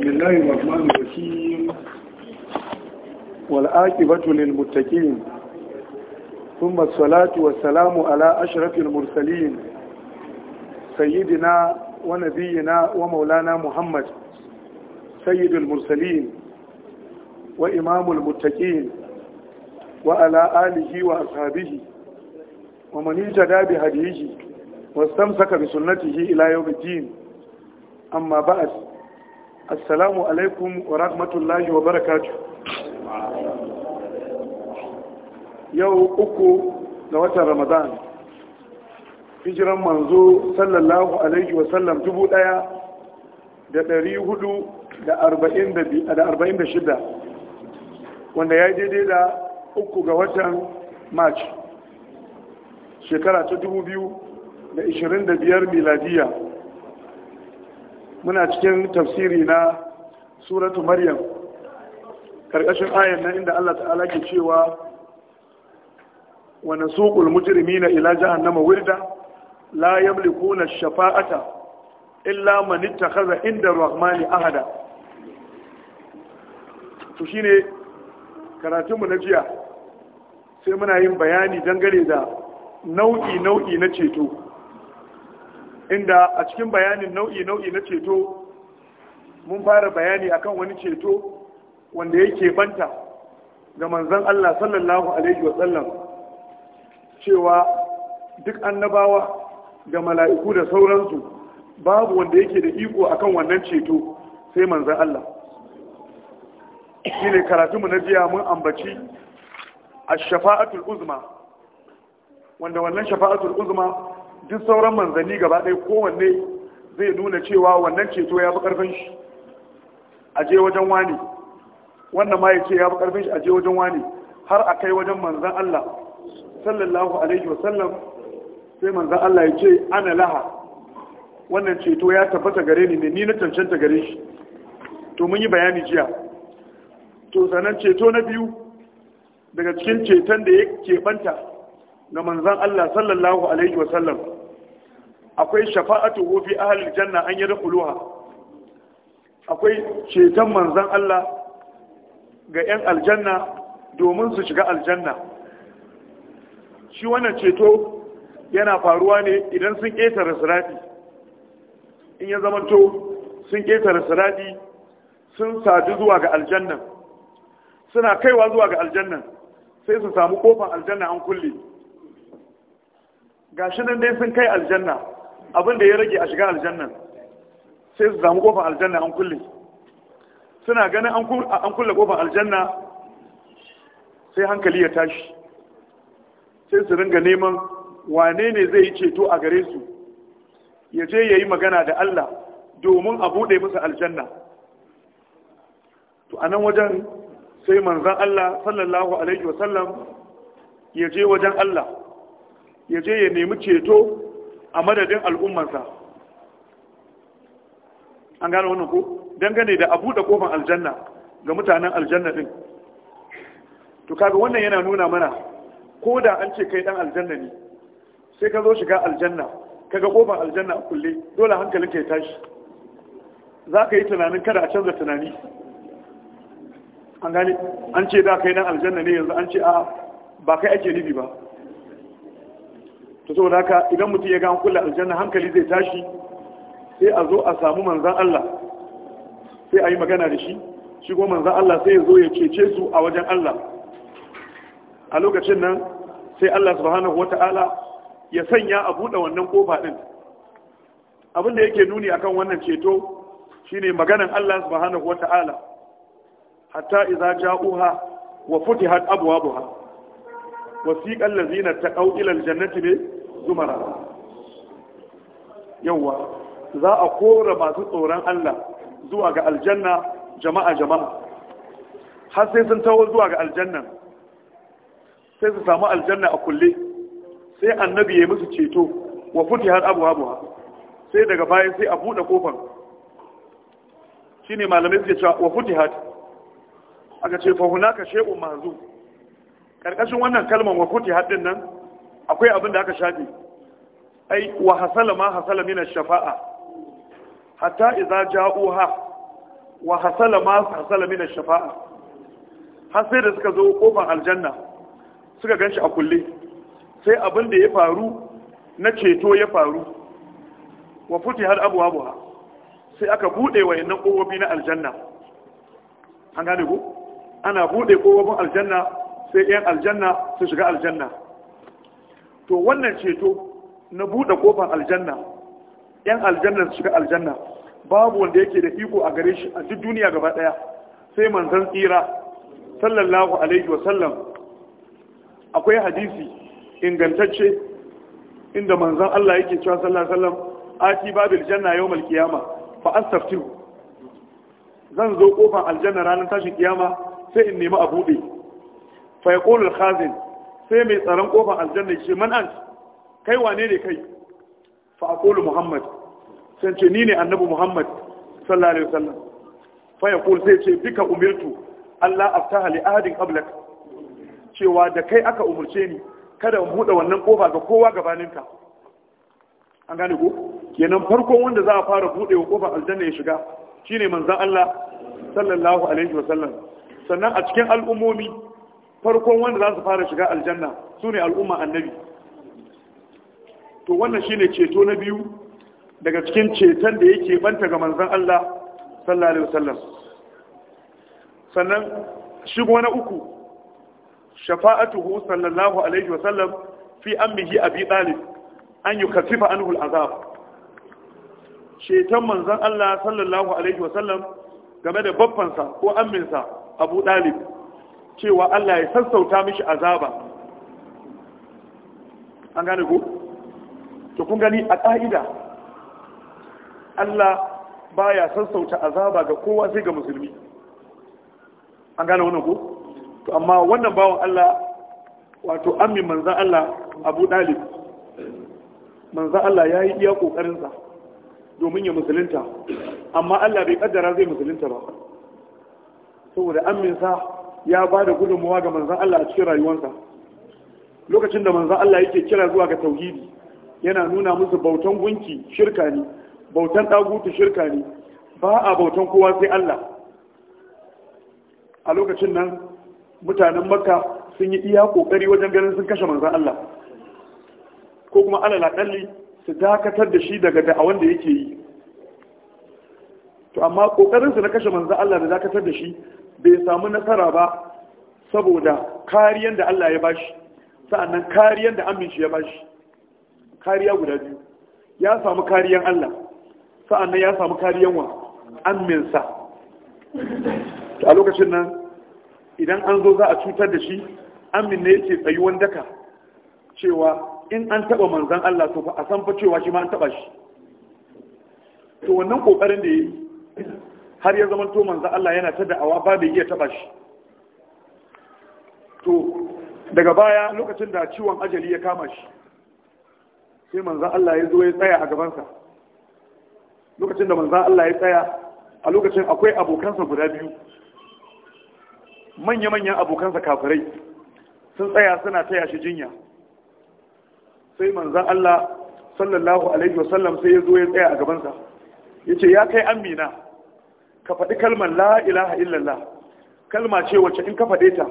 بسم الله الرحمن الرحيم والآكبة للمتقين ثم الصلاة والسلام على أشرف المرسلين سيدنا ونبينا ومولانا محمد سيد المرسلين وإمام المتقين وعلى آله وأصحابه ومن اهتدى بهديه واستمسك بسنته إلى يوم الدين أما بعد assalamu alaikum wa rahmatullahi wa barakatu yau uku ga watan ramadan hijiran manzo sallallahu alaihi wa sallam dubu daya da dari hudu da arba'in da shida wanda ya yi daidai da uku ga watan march shekara ta dubu biyu da ishirin da biyar miladiya muna cikin tafsiri na suratu maryam karkashin ayan nan inda Allah ta'ala ke cewa wa nasuqul mujrimina ila jahannama wirda la yamlikuna shafa'ata illa man ittakhadha inda rahmani ahada to shine karatun mu na jiya sai muna yin bayani dangane da nau'i nau'i na ceto inda a cikin bayanin nau'i-nau'i na ceto mun fara bayani akan wani ceto wanda yake banta ga manzon Allah sallallahu alaihi wasallam cewa duk annabawa da mala'iku da sauransu babu wanda yake da iko akan wannan ceto sai manzon Allah shine karatunmu na jiya mun ambaci ash-shafa'atul uzma wanda wannan shafa'atul uzma duk sauran manzanni gaba ɗaya kowanne zai nuna cewa wannan ceto ya fi ƙarfin shi a je wajen wani wannan ma ya ce ya fi ƙarfin shi a je wajen wani har a kai wajen manzan Allah sallallahu alaihi wa sallam sai manzan Allah ya ce ana laha wannan ceto ya tabbata gare ni ne ni na cancanta gare shi to mun yi bayani jiya to sanan ceto na biyu daga cikin ceton da ya keɓanta ga manzan Allah sallallahu alaihi wa sallam akwai shafa'atu fi halin janna an yadkhuluha akwai ceton manzan Allah ga 'yan aljanna domin su shiga aljanna shi wannan ceto yana faruwa ne idan sun ƙetare sirati in ya zamanto sun ƙetare sirati sun sadu zuwa ga aljannan suna kaiwa zuwa ga aljannan sai su samu kofar aljanna an kulle gashi nan dai sun kai aljanna abin da ya rage a shiga aljannan sai su zamu kofar aljanna an kulle suna ganin an kulle kofar aljanna sai hankali ya tashi sai su ringa neman wane ne zai yi ceto a gare su ya je ya yi magana da Allah domin a buɗe musu aljanna to a nan wajen sai manzan Allah sallallahu alaihi wasallam ya je wajen Allah ya je ya nemi ceto a madadin al'ummansa an gane wannan ko dangane da abu da kofin aljanna ga mutanen aljanna din to kaga wannan yana nuna mana ko da an ce kai dan aljanna ne sai ka zo shiga aljanna kaga kofar aljanna a kulle dole hankalinka ya tashi za ka yi tunanin kada a canza tunani an gane an ce da kai dan aljanna ne yanzu an ce a ba kai ake nufi ba to saboda haka idan mutum ya ga an aljanna hankali zai tashi sai a zo a samu manzan Allah sai a yi magana da shi shi kuma manzan Allah sai ya zo ya cece su a wajen Allah a lokacin nan sai Allah subhanahu wata'ala ya sanya a buɗe wannan kofa ɗin. abin da yake nuni akan wannan ceto shine maganan Allah subhanahu wata'ala hatta idza ja'uha wa futihat abwabuha wasiqal ladzina taqaw ila aljannati zumara yawwa za a kora masu tsoron Allah zuwa ga aljanna jama'a jama'a har sai sun tawo zuwa ga aljannan sai su samu aljanna a kulle sai annabi ya musu ceto wa futi har abu sai daga bayan sai a buɗe kofar shine malamai suke cewa wa futi har aka ce fa hunaka shay'un mahzum karkashin wannan kalmar wa futi har din nan akwai abin da aka shafi ai wa hasala ma hasala min ash-shafa'a hatta idza ja'uha wa hasala ma hasala min ash-shafa'a har sai da suka zo kofar aljanna suka ganshi a kulle sai abin da ya faru na ceto ya faru wa futi har abu abwabuha sai aka bude wayannan kofofi na aljanna an gane ko ana bude kofofin aljanna sai yan aljanna su shiga aljanna to wannan ceto na buɗe kofar aljanna yan aljanna su shiga aljanna babu wanda yake da iko a gare shi a duk duniya gaba ɗaya sai manzon tsira sallallahu alaihi wasallam akwai hadisi ingantacce inda manzon Allah yake cewa sallallahu alaihi wasallam ati babil janna yawmal qiyama fa astaftihu zan zo kofar aljanna ranar tashin kiyama sai in nemi a buɗe fa kazin. sai mai tsaron kofar aljanna ce man an kai wane ne kai fa aqulu muhammad san ce ni ne annabi muhammad sallallahu alaihi wasallam fa yaqul sai ce bika umirtu allah aftaha li ahadin qablak cewa da kai aka umurce ni kada mu buɗe wannan kofa ga kowa gabaninka an gane ko kenan farko wanda za a fara bude wa kofar aljanna ya shiga shine manzon Allah sallallahu alaihi wasallam sannan a cikin al'ummomi farkon wanda za su fara shiga aljanna su ne al'umma annabi to wannan shi ne ceto na biyu daga cikin ceton da yake banta ga manzon Allah sallallahu alaihi sannan shigo na uku shafa'atuhu sallallahu alaihi wasallam fi ammihi abi ɗalib, an yi yukaffifa anhu al'azab ceton manzon Allah sallallahu alaihi wasallam game da babbansa ko amminsa abu ɗalib. cewa Allah ya sassauta mishi azaba an gane ku? to kun gani a ƙa'ida Allah baya sassauta azaba ga kowa sai ga musulmi an gane wannan ku? to amma wannan bawan Allah wato ammi manzan Allah abu ɗalib manzan Allah ya yi iya ƙoƙarinsa domin ya musulunta amma Allah bai ƙaddara zai musulunta ba saboda amminsa ya ba da gudunmuwa ga manzan Allah a cikin rayuwarsa lokacin da manzan Allah yake kira zuwa ga tauhidi yana nuna musu bautan gunki shirka ne bautan ɗagutu shirka ne ba a bautan kowa sai Allah a lokacin nan mutanen makka sun yi iya ƙoƙari wajen ganin sun kashe manzan Allah ko kuma alal aƙalli su dakatar da shi daga da'awan da yake yi to amma ƙoƙarinsu na kashe manzan Allah da dakatar da shi bai samu nasara ba saboda kariyar da Allah ya bashi sa'annan kariyar da amin shi ya bashi kariya guda biyu ya samu kariyar Allah sa'annan ya samu kariyar wa aminsa a lokacin nan idan an zo za a cutar da shi amin ne yake wanda daka cewa in an taba manzan Allah to fa a san fa cewa shi ma an taba shi to wannan kokarin da yi. har ya zama to manzo Allah yana ta da'awa ba bai iya taba shi to daga baya lokacin da ciwon ajali ya kama shi sai manzo Allah ya zo ya tsaya a gabansa lokacin da manzo Allah ya tsaya a lokacin akwai abokansa guda biyu manya-manyan abokansa kafirai sun tsaya suna taya shi jinya sai manzo Allah sallallahu alaihi wasallam sai ya zo ya tsaya a gabansa ya ce ya kai amina ka faɗi kalmar la ilaha illallah kalma ce wacce in ka faɗe ta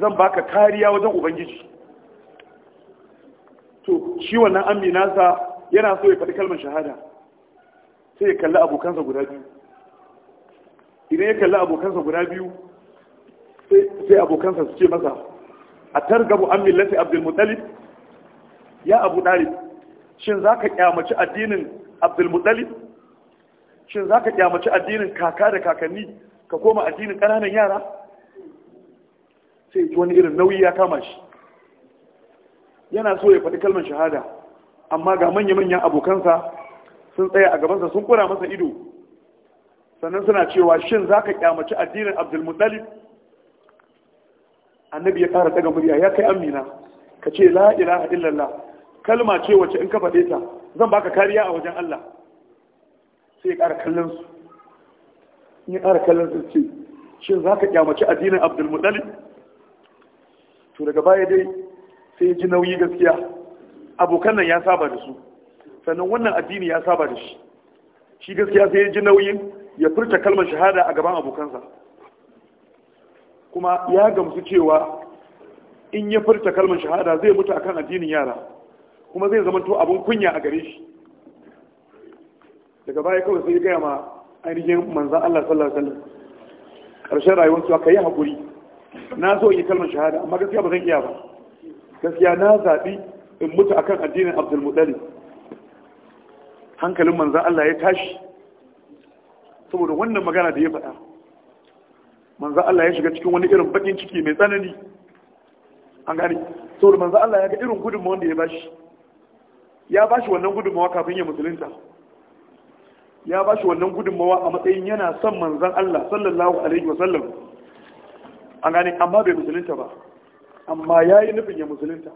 zan baka kariya wajen ubangiji to shi wannan amina sa yana so ya faɗi kalmar shahada sai ya kalli abokansa guda biyu idan ya kalli abokansa guda biyu sai abokansa su ce masa a targabu an Abdul abdulmutalib ya abu ɗari shin za ka ƙyamaci addinin abdulmutalib shin za ka kyamaci addinin kaka da kakanni ka koma addinin ƙananan yara sai wani irin nauyi ya kama shi yana so ya faɗi kalmar shahada amma ga manya-manyan abokansa sun tsaya a gabansa sun kura masa ido sannan suna cewa shin za ka kyamaci addinin abdulmuttalib annabi ya ƙara daga murya ya kai amina ka ce la a illallah kalma ce wacce in ka faɗe ta zan baka kariya a wajen Allah sai ya ƙara kallon su ce shin za ka kyamaci addinin abdulmutalib to daga baya dai sai ji nauyi gaskiya abokan nan ya saba da su sannan wannan addini ya saba da shi shi gaskiya sai ya ji nauyin ya furta kalmar shahada a gaban abokansa kuma ya gamsu cewa in ya furta kalmar shahada zai mutu akan addinin yara kuma zai zamanto abin kunya a gare shi daga baya kawai sai gaya ma ainihin manzan Allah sallallahu alaihi wasallam ƙarshen rayuwar cewa yi hakuri na so in yi kalmar shahada amma gaskiya ba zan iya ba gaskiya na zaɓi in mutu akan addinin Abdul Muttalib hankalin manzan Allah ya tashi saboda wannan magana da ya faɗa manzan Allah ya shiga cikin wani irin baƙin ciki mai tsanani an gane saboda manzan Allah ya ga irin gudunmawa da ya bashi ya bashi wannan gudunmawa kafin ya musulunta ya ba shi wannan gudunmawa a matsayin yana son manzan Allah sallallahu alaihi wasallam A gani amma bai musulunta ba amma ya yi nufin ya musulunta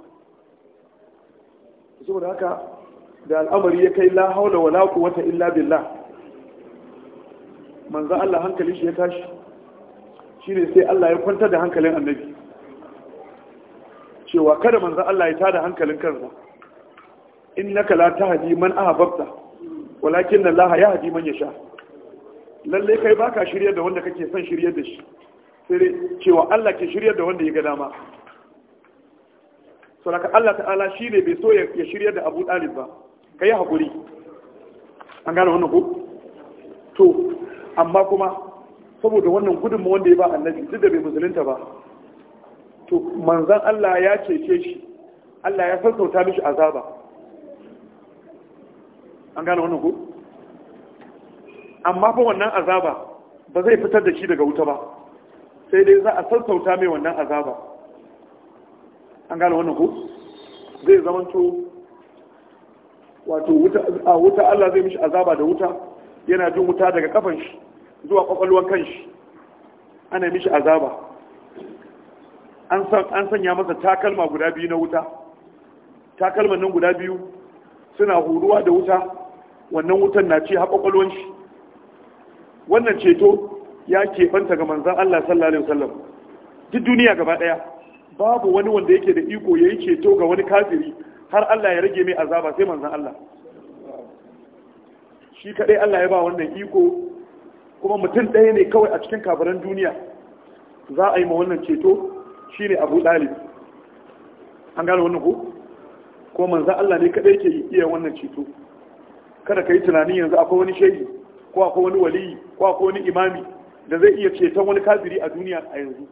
saboda haka da al'amari ya kai la wa wala wata illa billah manzan Allah hankali shi ya tashi Shi ne sai Allah ya kwantar da hankalin annabi cewa kada manzan Allah ya tada hankalin kansa naka la hadi man ahbabta walakin na laha ya haɗi manya sha lalle kai ba ka shirya da wanda kake son shirya da shi sai dai cewa Allah ke shirya da wanda ya ga dama saboda Allah ta'ala shi ne bai so ya shirya da Abu Talib ba kai hakuri an gane wannan ko to amma kuma saboda wannan gudunmu wanda ya ba annabi duk da bai musulunta ba to manzan Allah ya cece shi Allah ya sassauta mishi azaba an gane wannan ko amma fa wannan azaba ba zai fitar da shi daga wuta ba sai dai za a sassauta mai wannan azaba an gane wannan ko zai zamanto wato a wuta Allah zai mishi azaba da wuta yana jin wuta daga kafan shi zuwa kwakwalwar kan shi ana mishi azaba an sanya masa takalma guda biyu na wuta takalman nan guda biyu suna huruwa da wuta wannan wutan na ce haƙwaƙwalwan shi wannan ceto ya keɓanta ga manzan Allah sallallahu alaihi wasallam duk duniya gaba ɗaya babu wani wanda yake da iko ya yi ceto ga wani kafiri har Allah ya rage mai azaba sai manzan Allah shi kaɗai Allah ya ba wannan iko kuma mutum ɗaya ne kawai a cikin kafiran duniya za a yi ma wannan ceto shi ne abu ɗalib an gane wannan ko kuma manzan Allah ne kaɗai ke iya wannan ceto kada ka yi tunani yanzu akwai wani shehi ko akwai wani waliyi ko akwai wani imami da zai iya ceton wani kafiri a duniya a yanzu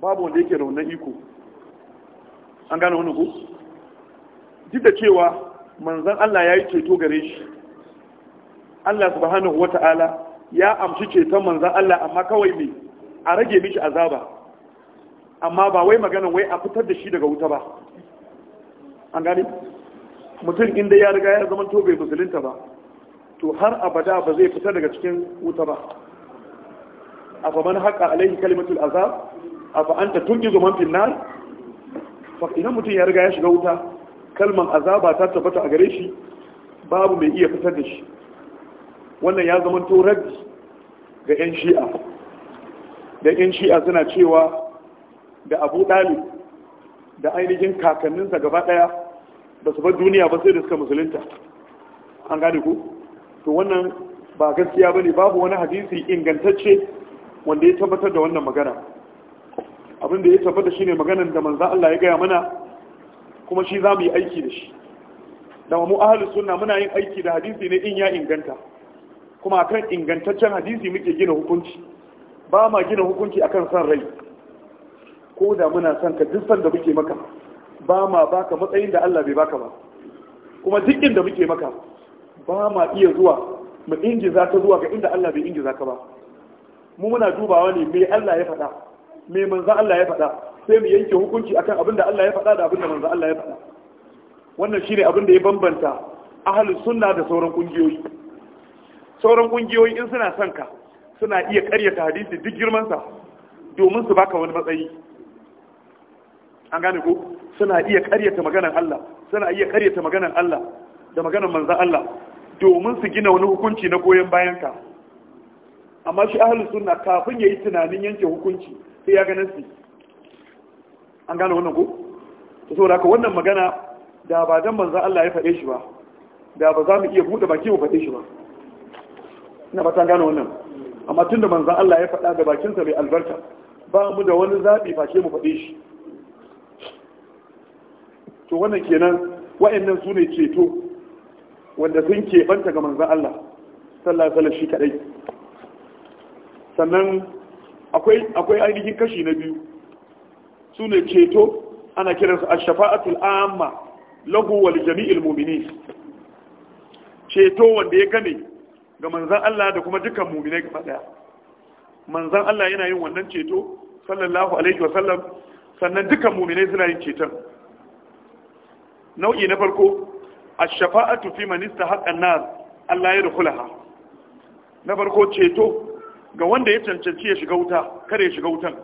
babu wanda yake da wannan iko an gane wani ku duk da cewa manzan Allah ya yi ceto gare shi Allah subhanahu ta'ala ya amshi ceton manzan Allah amma kawai mai a rage mishi azaba amma ba wai magana wai a fitar da shi daga wuta ba an gane mutum inda ya riga ya zama tobe bai musulunta ba to har abada ba zai fita daga cikin wuta ba afa man haka alaihi kalimatul azab afa anta tunjizu man fil nar fa mutum ya riga ya shiga wuta kalman azaba ta tabbata a gare shi babu mai iya fitar da shi wannan ya zama to raddi ga yan shi'a da yan shi'a suna cewa da abu dalib da ainihin kakanninsa gaba ɗaya. ba su bar duniya ba sai da suka musulunta an gane ku to wannan ba gaskiya ba ne babu wani hadisi ingantacce wanda ya tabbatar da wannan magana abin da ya tabbata shine maganar da manza Allah ya gaya mana kuma shi za mu yi aiki da shi da mu ahalus sunna muna yin aiki da hadisi ne in ya inganta kuma akan ingantaccen hadisi muke gina hukunci ba ma gina hukunci akan san rai ko da muna son ka duk sanda da muke maka ba ma baka matsayin da Allah bai baka ba kuma duk inda muke maka ba ma iya zuwa mu ingiza ka zuwa ga inda Allah bai ingiza ka ba mu muna dubawa ne me Allah ya faɗa me manzo Allah ya faɗa sai mu yanke hukunci akan abin da Allah ya faɗa da abin da manzo Allah ya faɗa wannan shine abin da ya bambanta ahlus sunna da sauran kungiyoyi sauran kungiyoyi in suna son ka suna iya ƙaryata hadisi duk girman sa domin su baka wani matsayi an gane ko suna iya karyata maganar Allah suna iya karyata maganar Allah da maganar manzan Allah domin su gina wani hukunci na goyon bayan ka amma shi ahlus sunna kafin yayi tunanin yanke hukunci sai ya ganin su an gane wannan ko to saboda haka wannan magana da ba dan manzan Allah ya faɗe shi ba da ba za mu iya buɗe baki mu faɗe shi ba ina ba ta gane wannan amma tunda manzan Allah ya faɗa da bakinsa bai albarka ba mu da wani zaɓi face mu faɗe shi to wannan kenan wa'annan su ne ceto wanda sun keɓanta ga manzan Allah sallallahu alaihi shi kadai sannan akwai ainihin kashi na biyu su ne ceto ana kiransu a shafaatul amma lahu wal jami'il mumini ceto wanda ya game ga manzan Allah da kuma dukkan mu'minai gaba daya manzan Allah yana yin wannan ceto sallallahu alaihi wasallam sannan dukkan mu'minai suna yin ceton nau'i na farko ash-shafa'atu fi man istahaqqa an Allah ya dukhulaha na farko ceto ga wanda ya cancanci ya shiga wuta kare ya shiga wutan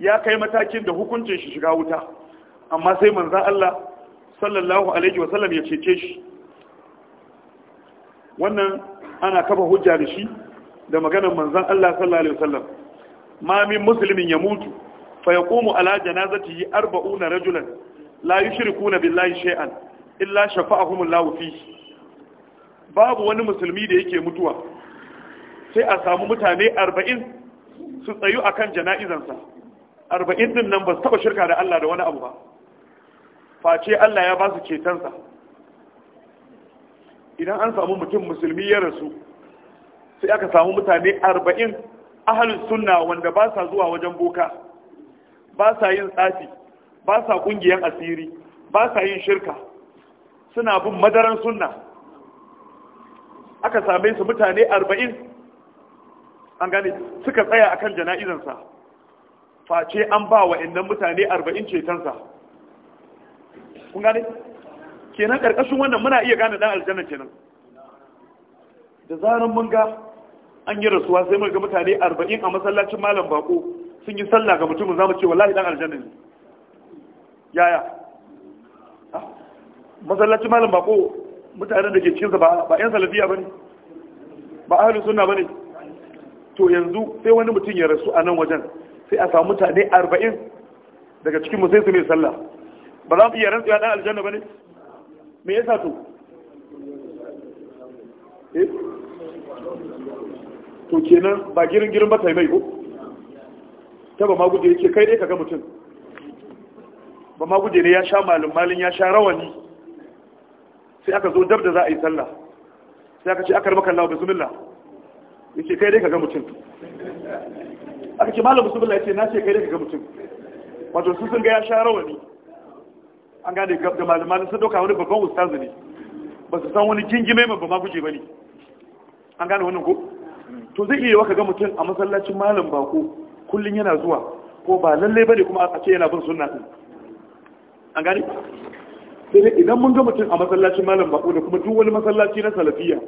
ya kai matakin da hukuncin shi shiga wuta amma sai manzo Allah sallallahu alaihi wa sallam ya cece shi wannan ana kafa hujja da shi da maganar manzan Allah sallallahu alaihi wa sallam ma min muslimin ya mutu fa yaqumu ala janazati 40 rajulan la yushrikuna billahi shay'an illa shafa'ahumullahu fi babu wani musulmi da yake mutuwa sai a samu mutane 40 su tsayu akan jana'izansa 40 din nan ba su taba shirka da Allah da wani abu ba face Allah ya ba su idan an samu mutum musulmi ya rasu sai aka samu mutane 40 ahlus sunna wanda ba sa zuwa wajen boka ba sa yin tsafi ba sa kungiyan asiri ba sa yin shirka suna bin madaran sunna aka same su mutane arba'in an gane suka tsaya akan jana'izansa face an ba wa innan mutane arba'in cetonsa kun gane kenan ƙarƙashin wannan muna iya gane dan aljanna kenan da zaran mun ga an yi rasuwa sai mun ga mutane arba'in a masallacin malam bako sun yi sallah ga mutumin zamu ce wallahi dan aljanna ne yaya masallacin malam bako mutanen da ke cinsa ba 'yan salafiya ba ne ba ahalin suna ba ne to yanzu sai wani mutum ya rasu a nan wajen sai a samu mutane arba'in daga cikin musaisu su mai sallah ba za mu iya rantsuwa ɗan aljanna ba ne me yasa to eh? to kenan ba girin girin ba ta yi mai ko ta ba ma ya yake kai dai ka ga mutum ba ma guje ne ya sha malin malin ya sha rawani sai aka zo dab da za a yi sallah sai aka ce aka rama kallawa bismillah ya ce kai dai ka ga mutum aka ce malin bismillah ya ce na ce kai dai ka ga mutum wato su sun ga ya sha rawani an gane ga malin malin sun doka wani babban ustazi ne ba su san wani jingime ba ma guje ba ne an gane wannan ko to zai iya waka ga mutum a masallacin malam bako kullum yana zuwa ko ba lallai bane kuma a ce yana bin sunna din an gani sai dai idan mun ga mutum a masallacin malam bako da kuma duk wani masallaci na salafiya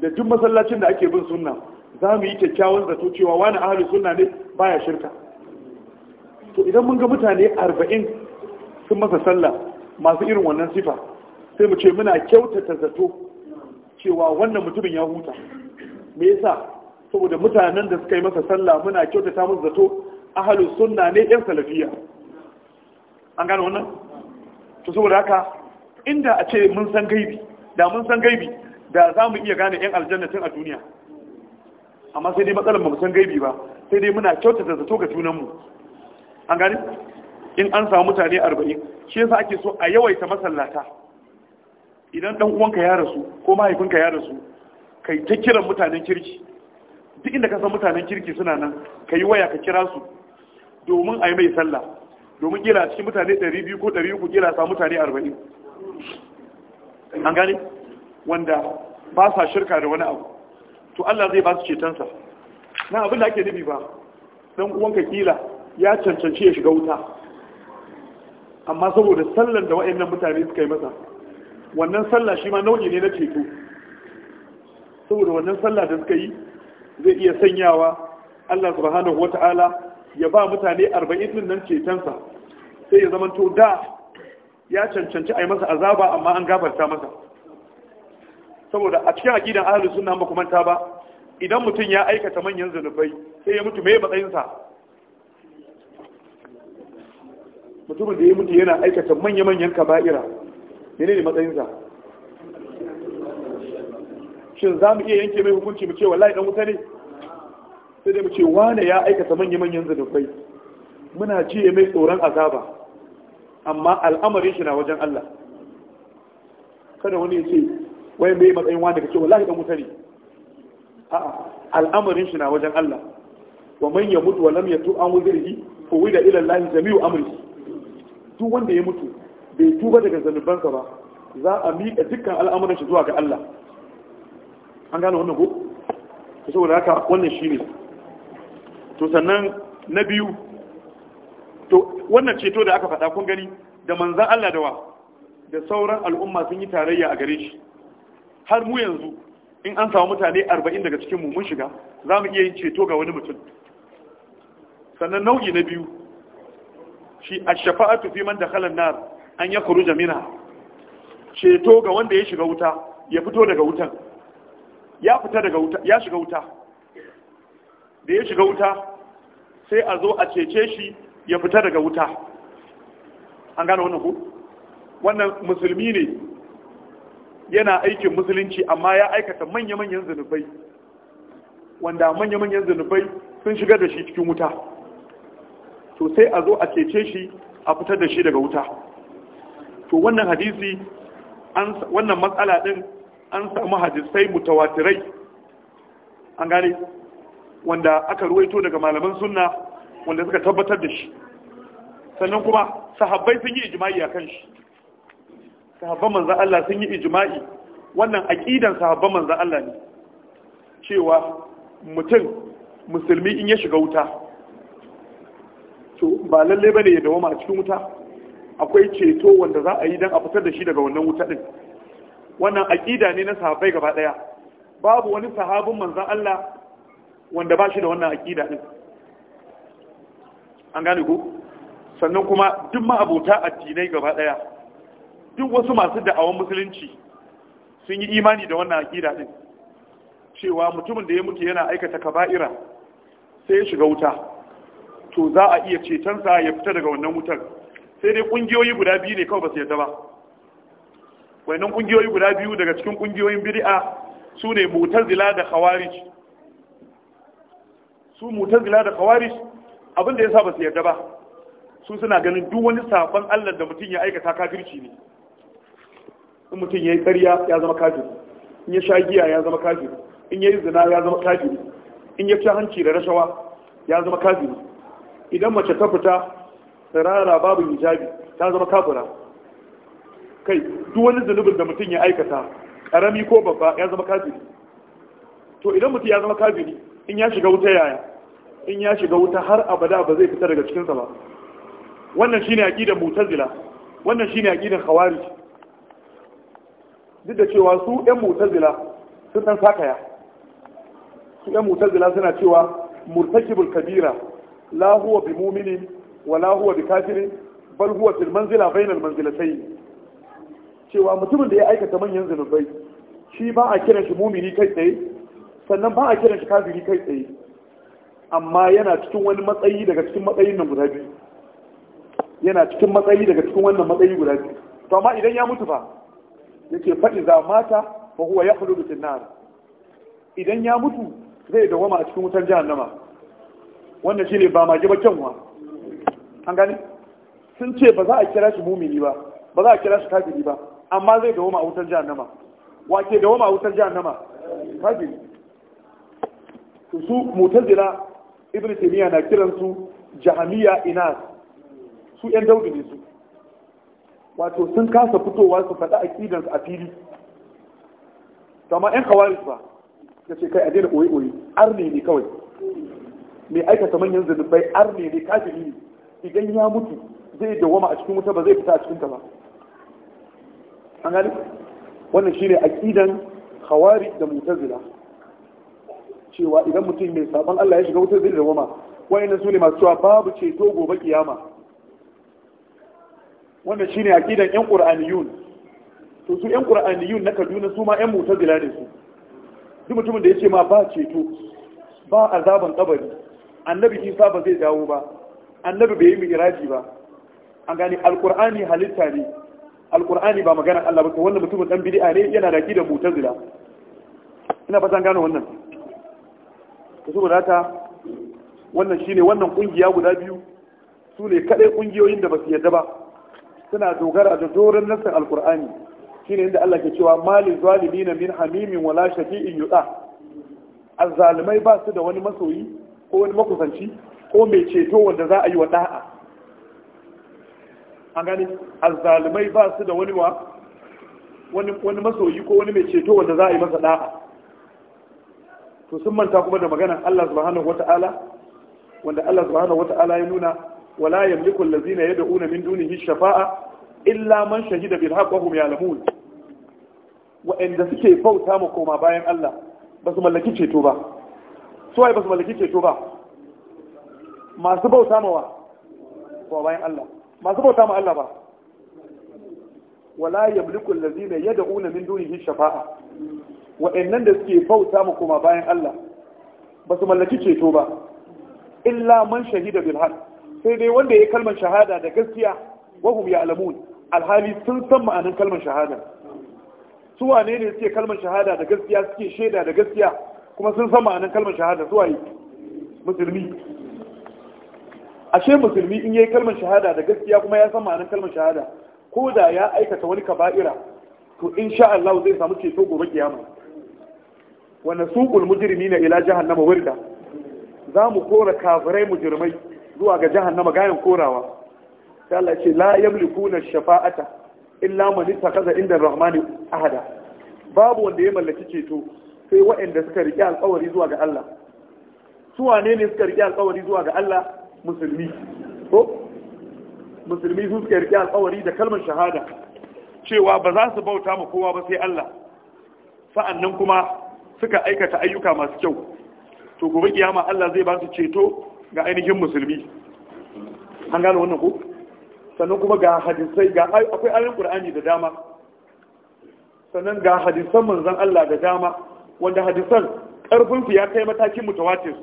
da duk masallacin da ake bin sunna za mu yi kyakkyawan zato cewa wani ahli sunna ne baya shirka to idan mun ga mutane arba'in sun masa sallah masu irin wannan sifa sai mu ce muna kyautata zato cewa wannan mutumin ya huta me yasa saboda mutanen da suka yi masa sallah muna kyautata musu zato ahalu sunna ne yan salafiya an gane wannan to saboda haka inda a ce mun san gaibi da mun san gaibi da za mu iya gane yan aljannatin a duniya amma sai dai matsalar ba mu san gaibi ba sai dai muna kyautata zato ga junanmu an gane in an samu mutane arba'in shi yasa ake so a yawaita masallata idan dan uwanka ya rasu ko mahaifinka ya rasu kai ta kiran mutanen kirki duk inda ka san mutanen kirki suna nan ka yi waya ka kira su domin a yi mai sallah domin gila cikin mutane 200 ko 300 gila sa mutane 40 an gane wanda ba sa shirka da wani abu to Allah zai ba su cetonsa na abin da ake nufi ba ɗan uwanka kila ya cancanci ya shiga wuta amma saboda sallan da waɗannan mutane suka yi masa wannan sallah shi ma nau'i ne na ceto saboda wannan sallah da suka yi zai iya sanyawa Allah subhanahu wata'ala ya ba mutane arba'in din nan cetonsa sai ya zamanto da ya cancanci a yi masa azaba amma an gafarta masa saboda a cikin aqidan ahlus suna ba kuma ta ba idan mutum ya aikata manyan zanubai sai ya mutu me matsayinsa? mutumin da ya mutu yana aikata manya-manyan kaba'ira yana ne matsayinsa shin za mu iya yanke mai hukunci mu ce wallahi dan wuta ne sai dai mu ce wane ya aikata manya-manyan zanubai muna ce mai tsoron azaba amma al'amarin shi na wajen Allah kada wani ya ce wai mai matsayin wani ka ce wallahi dan wuta ne a'a al'amarin shi na wajen Allah wa man yamut wa lam yatu an wuzirhi fa wida ila Allah jami'u amrihi duk wanda ya mutu bai tuba daga zanubansa ba za a miƙa dukkan al'amuran shi zuwa ga Allah an gane wannan ko saboda haka wannan shine to sannan na biyu wannan ceto da aka faɗa kun gani da manzan Allah da wa da sauran al'umma sun yi tarayya a gare shi har mu yanzu in an samu mutane 40 daga cikin mu mun shiga za mu iya yin ceto ga wani mutum sannan nau'i na biyu shi ash-shafa'atu fi man dakhala an-nar an yakhruja minha ceto ga wanda ya shiga wuta ya fito daga wutan ya fita daga wuta ya shiga wuta da ya shiga wuta sai a zo a cece shi ya fita daga wuta an gane wannan ku wannan musulmi ne yana aikin musulunci amma ya aikata manya-manyan zunubai wanda manya-manyan zunubai sun shigar da shi cikin wuta to sai a zo a cece shi a fitar da shi daga wuta to wannan hadisi wannan matsala din an samu hadisai mutawatirai an gane wanda aka ruwaito daga malaman sunna wanda suka tabbatar da shi sannan kuma sahabbai sun yi a kan shi sahabban manzan Allah sun yi ijma'i wannan aqidan sahabban manzan Allah ne cewa mutum musulmi in ya shiga wuta to ba lalle bane ya dawoma a cikin wuta akwai ceto wanda za a yi dan a fitar da shi daga wannan wuta din wannan aqida ne na sahabbai gaba daya babu wani sahabin manzan Allah wanda ba shi da wannan aqida din an gane ko sannan kuma duk ma'abota addinai gaba daya duk wasu masu da'awan musulunci sun yi imani da wannan aqida din cewa mutumin da ya mutu yana aikata kaba'ira sai ya shiga wuta to za a iya cetonsa ya fita daga wannan wutar sai dai kungiyoyi guda biyu ne kawai ba su yadda ba wannan kungiyoyi guda biyu daga cikin kungiyoyin bid'a su ne mutazila da khawarij su mutazila da khawarij abin da sa ba su yarda ba su suna ganin duk wani sabon Allah da mutum ya aikata kafirci ne in mutum ya yi tsariya, ya zama kafiri in ya sha giya ya zama kafiri in ya yi zina ya zama kafiri in ya ci hanci da rashawa ya zama kafiri idan mace ta fita tsirara babu hijabi ta zama kafira kai duk wani zunubin da mutum ya aikata karami ko babba ya zama kafiri to idan mutum ya zama kafiri in ya shiga wuta yaya in ya shiga wuta har abada ba zai fita daga cikinsa ba wannan shine aqidar mu'tazila wannan shine aqidar khawarij duk da cewa su ɗan mu'tazila sun san sakaya su ɗan mu'tazila suna cewa murtakibul kabira la huwa bi mu'minin wa la huwa bi kafirin bal huwa fil manzila bainal manzilatayn cewa mutumin da ya aikata manyan zanubai shi ba a kiran shi mumini kai tsaye sannan ba a kiran shi kafiri kai tsaye amma yana cikin wani matsayi daga cikin matsayin nan guda biyu yana cikin matsayi daga cikin wannan matsayi guda biyu to amma idan ya mutu fa yake faɗi za mata fa huwa ya khuludu fil nar idan ya mutu zai dawama a cikin wutar jahannama wannan shine ba ma ba kyanwa an gane sun ce ba za a kira shi mumini ba ba za a kira shi kafiri ba amma zai dawama a wutar jahannama wa ke dawama a wutar jahannama kafiri su mutazila ibn taymiya na su jahamiya ina su yan daudu ne su wato sun kasa fitowa su faɗi aqidan a fili kamar yan khawarij ba ce kai a daina oye oye arne ne kawai mai aikata manyan zunubai arne ne kafiri ne idan ya mutu zai dawama a cikin wuta ba zai fita a cikin ta ba an gani wannan shine aqidan khawarij da mu'tazila cewa idan mutum mai saban Allah ya shiga wutar zai dawama wa'annan su ne masu cewa babu ceto gobe kiyama wannan shine aqidan ƴan qur'aniyun to su ƴan qur'aniyun na Kaduna su ma yan mu'tazila ne su duk mutumin da yace ma ba ceto ba azaban kabari annabi Isa ba zai dawo ba annabi bai yi miraji ba an gani alqur'ani halitta ne alqur'ani ba maganar Allah ba to wannan mutumin dan bid'a ne yana da aqidan mu'tazila ina fatan gano wannan to saboda ta, wannan shine wannan kungiya guda biyu su ne kadai kungiyoyin da ba su yadda ba suna dogara da doron nassar alkur'ani shine inda Allah ke cewa malin zalimina min hamimin wala shafi'in yu'a azzalimai ba su da wani masoyi ko wani makusanci ko mai ceto wanda za a yi wa da'a an gani azzalimai ba su da wani wa wani masoyi ko wani mai ceto wanda za a yi masa da'a to sun manta kuma da maganar Allah subhanahu wata'ala wanda Allah subhanahu wata'ala ya nuna wala yamliku allazina yad'una min dunihi shafa'a illa man shahida bil haqq wa hum ya'lamun wa'anda suke bauta mu koma bayan Allah ba su mallaki ceto ba su ai ba su mallaki ceto ba masu bauta ma wa koma bayan Allah masu bauta ma Allah ba wala yamliku allazina yad'una min dunihi shafa'a waɗannan da suke bauta mu koma bayan Allah ba su mallaki ceto ba illa man shahida bil haq sai dai wanda ya kalmar shahada da gaskiya wa hum ya'lamun alhali sun san ma'anin kalmar shahada su wane ne suke kalmar shahada da gaskiya suke shaida da gaskiya kuma sun san ma'anin kalmar shahada su waye musulmi ashe musulmi in yayi kalmar shahada da gaskiya kuma ya san ma'anin kalmar shahada ko da ya aikata wani kaba'ira to insha Allah zai samu ceto gobe kiyama wa nasuqul mujrimina ila jahannama wirda za mu kora kafirai mujrimai zuwa ga jahannama gayan korawa sai Allah ce la yamlikuna shafa'ata illa man ittakaza inda rahmani ahada babu wanda ya mallaki ceto sai waɗanda suka riƙe alƙawari zuwa ga Allah su wane ne suka riƙe alƙawari zuwa ga Allah musulmi ko musulmi su suka riƙe alƙawari da kalmar shahada cewa ba za su bauta ma kowa ba sai Allah sa'annan kuma suka aikata ayyuka masu kyau to gobe kiyama Allah zai ba su ceto ga ainihin musulmi an gano wannan ko sannan kuma ga hadisai ga akwai ayoyin Qur'ani da dama sannan ga hadisan manzon Allah da dama wanda hadisan karfin su ya kai matakin mutawatir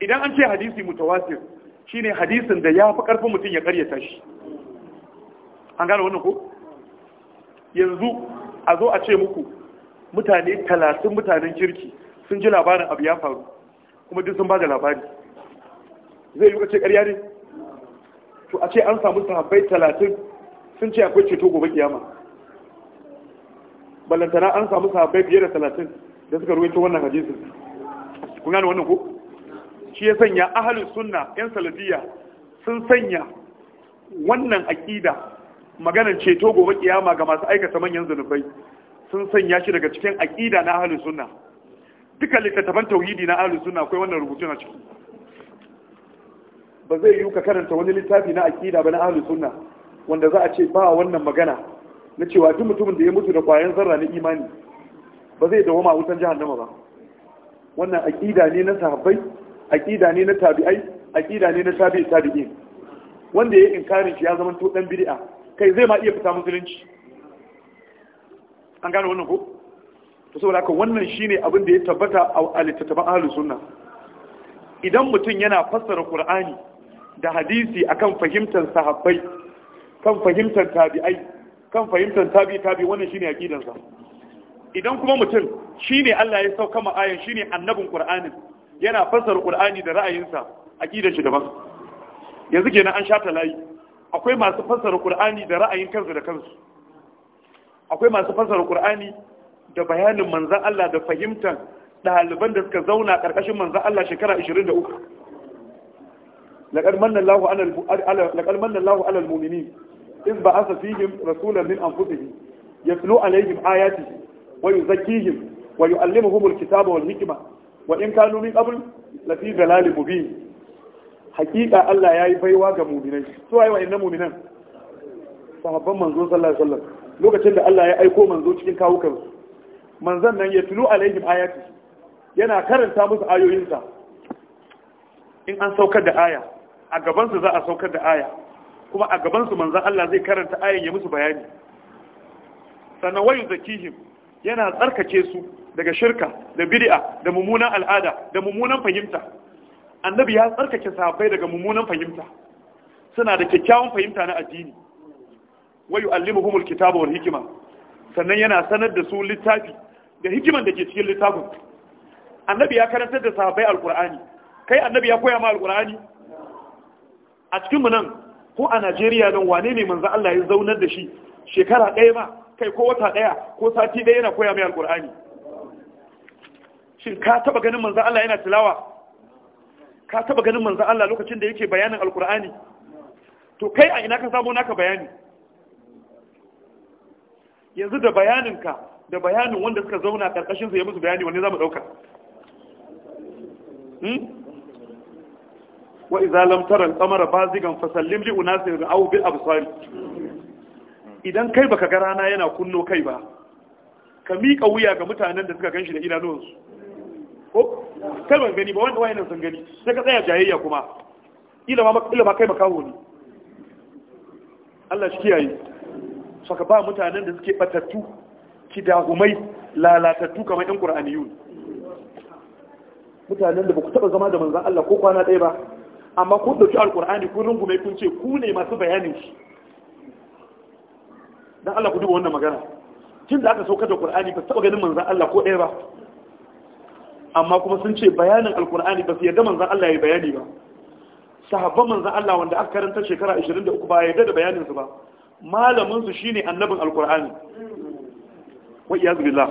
idan an ce hadisi mutawatir shine hadisin da ya fi karfin mutum ya karyata shi an gano wannan ko yanzu a zo a ce muku mutane talatin mutanen kirki sun ji labarin abu ya faru kuma duk sun ba da labari zai yi kace ƙarya ne to a ce an samu sahabbai talatin sun ce akwai ceto gobe kiyama ballantana an samu sahabbai fiye da talatin da suka ruwaito wannan hadisin kun gane wannan ko shi ya sanya ahalin sunna yan salafiyya sun sanya wannan aƙida maganar ceto gobe kiyama ga masu aikata manyan zunubai sun sanya shi daga cikin aƙida na ahalin suna. duka littattafan tauhidi na ahalin suna akwai wannan rubutu na ciki ba zai yi ka karanta wani littafi na aƙida ba na ahalin suna, wanda za a ce ba wannan magana na cewa duk mutumin da ya mutu da ƙwayan zarra na imani ba zai dawoma a wutan jahannama ba wannan aƙida ne na sahabbai aƙida ne na tabi'ai aƙida ne na tabi'i tabi'in wanda ya yi inkarin shi ya zama to dan bid'a kai zai ma iya fita musulunci an gane wannan ko to saboda haka wannan shine abin da ya tabbata a littattafan ahlus sunna idan mutum yana fassara qur'ani da hadisi akan fahimtar sahabbai kan fahimtar tabi'ai kan fahimtar tabi tabi wannan shine aqidansa idan kuma mutum shine Allah ya sauka ma ayan shine annabin qur'ani yana fassara qur'ani da ra'ayinsa aqidar shi daban yanzu kenan an shata layi akwai masu fassara qur'ani da ra'ayin kansu da kansu akwai masu fasara qur'ani da bayanin manzan Allah da fahimtar ɗaliban da suka zauna ƙarƙashin manzan Allah shekara 23 laƙar mannan lahu alal mumini iz ba asa fihim rasulan min anfusihim yatlu alaihim ayati wa yuzakkihim wa yuallimuhum alkitaba wal hikma wa in kanu min qabl la fi dalal mubin Hakika Allah ya yi baiwa ga mu'minai su wa'in na mu'minan sahabban manzo sallallahu alaihi wasallam lokacin da Allah ya aiko manzo cikin kawukansu manzon nan ya tulu alaihim ayati yana karanta musu ayoyinsa in an saukar da aya a gabansu za a saukar da aya kuma a gabansu manzon Allah zai karanta ayan ya musu bayani sannan wayu zakihim yana tsarkake su daga shirka da bid'a da mummunan al'ada da mummunan fahimta annabi ya tsarkake sahabbai daga mummunan fahimta suna da kyakkyawan fahimta na addini wayu alli kitaba wal hikma sannan yana sanar da su littafi da hikiman da ke cikin littafin annabi ya karantar da sahabbai alqur'ani kai annabi ya koya ma alqur'ani a cikin mu nan ko a Najeriya nan wane ne manzo Allah ya zaunar da shi shekara ɗaya ma kai ko wata ɗaya ko sati ɗaya yana koya mai alqur'ani shin ka taba ganin manzo Allah yana tilawa ka taba ganin manzo Allah lokacin da yake bayanin alqur'ani to kai a ina ka samu naka bayani yanzu da bayaninka da bayanin wanda suka zauna karkashin su ya musu bayani wanne za mu ɗauka hmm? wa iza lam tara al-qamara bazigan fasallim li unasin aw bil absari idan kai baka ga rana yana kunno kai ba ka miƙa wuya ga mutanen da suka ganshi da idanuwansu ko kai ban gani ba wanda wayannan sun gani sai ka tsaya jayayya kuma ila ma ila ma kai makaho ne Allah shi kiyaye saka ba mutanen da suke batattu kidahumai lalatattu kamar ɗan qur'aniyun mutanen da ba ku taɓa zama da manzan Allah ko kwana ɗaya ba amma kun dauki alqur'ani kun rungume kun ce ku ne masu bayanin shi don Allah ku duba wannan magana tun da aka saukar da ƙur'ani, ba taɓa ganin manzan Allah ko ɗaya ba amma kuma sun ce bayanin alƙur'ani ba su yarda manzan Allah ya yi bayani ba sahabban manzan Allah wanda aka karanta shekara 23 ba ya yarda da bayaninsu ba Malaminsu su shine annabin alkur'ani wa iyaz billah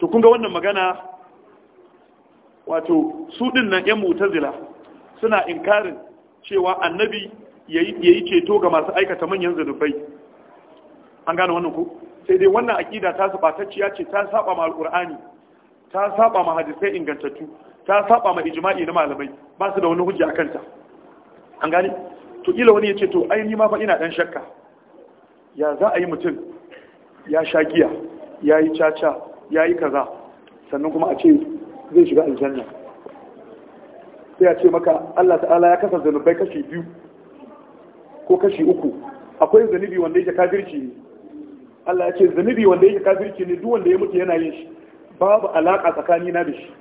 to kun ga wannan magana wato su din nan yan mu'tazila suna inkarin cewa annabi yayi ceto ga masu aikata manyan zanubai an gane wannan ku sai dai wannan akida ta batacciya ce ta saba ma alkur'ani ta saba ma hadisai ingantattu ta saba ma ijma'i na malamai ba su da wani hujja akan ta an gane to kila wani ya ce to ai ni ma ina dan shakka ya za a yi mutum ya sha giya ya yi caca ya yi kaza sannan kuma a ce zai shiga aljanna sai ya ce maka Allah ta'ala ya kasa zanubai kashi biyu ko kashi uku akwai zanubi wanda yake kafirci ne Allah ya ce zanubi wanda yake kafirci ne duk wanda ya mutu yana yin shi babu alaka tsakani na da shi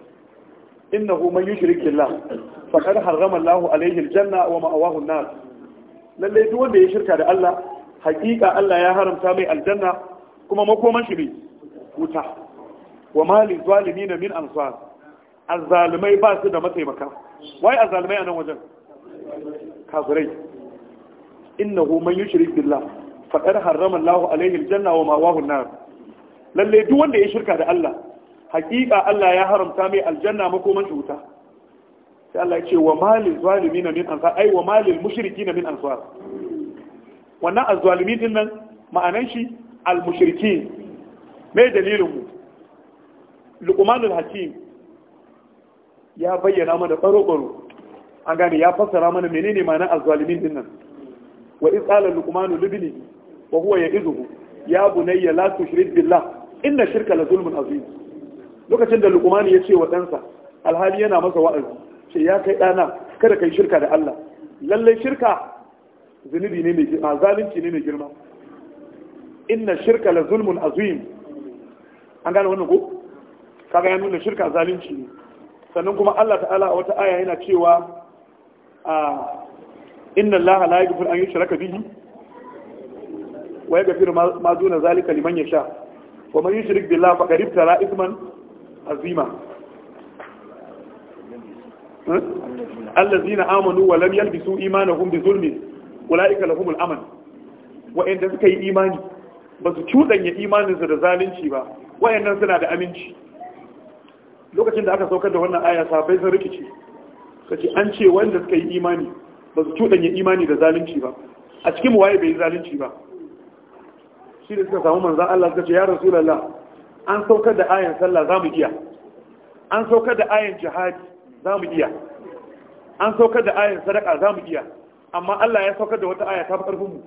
innahu man yushrik billah faqad harrama Allahu alayhi aljanna wa ma'awahu an-nar lallai duk wanda ya shirka da Allah haƙiƙa Allah ya haramta mai aljanna kuma makoman shi ne wuta wa mali zalimin min ansar azzalimai ba su da mataimaka wai azzalimai a nan wajen kafirai innahu man yushrik billah faqad harrama Allahu alaihi aljanna wa mawahu an-nar lalle duk wanda ya shirka da Allah haƙiƙa Allah ya haramta mai aljanna makoman shi wuta sai Allah ya ce wa malil na min ansar ai wa malil na min ansar wannan azzalimin din nan ma'anan shi al mushrikin mai dalilin mu luqmanul hakim ya bayyana mana baro baro an gane ya fassara mana menene ma'anar azzalimin din nan wa iz qala luqmanu libni wa huwa ya'izuhu ya bunayya la tushrik billah inna shirka la zulmun azim lokacin da luqman ya ce wa ɗansa alhali yana masa wa'azi ce ya kai ɗana kada ka yi shirka da Allah lallai shirka zunubi ne mai girma zalunci ne mai girma inna shirka la zulmun azim an gane wannan ko kaga ya nuna shirka zalunci ne sannan kuma Allah ta'ala a wata aya yana cewa a inna Allah la yaghfiru an yushraka bihi wa yaghfiru ma duna zalika liman yasha wa man yushrik billahi faqad iftara ithman azima Hmm? allazina amanu wa lam yalbisu imanahum bi zulmi ulaika al aman Wa inda suka yi imani ba su cudanya imaninsu da zalunci ba wayannan suna da aminci lokacin da aka saukar da wannan aya sahabbai sun rikici kace an ce wanda suka yi imani ba su cudanya imani da zalunci ba a cikin waye bai zalunci ba shi da suka samu manzan Allah suka ce ya rasulullah an saukar da ayan sallah zamu iya an saukar da ayan jihadi za mu iya an saukar da ayar sadaka za mu iya amma Allah ya saukar da wata aya ta ƙarfinmu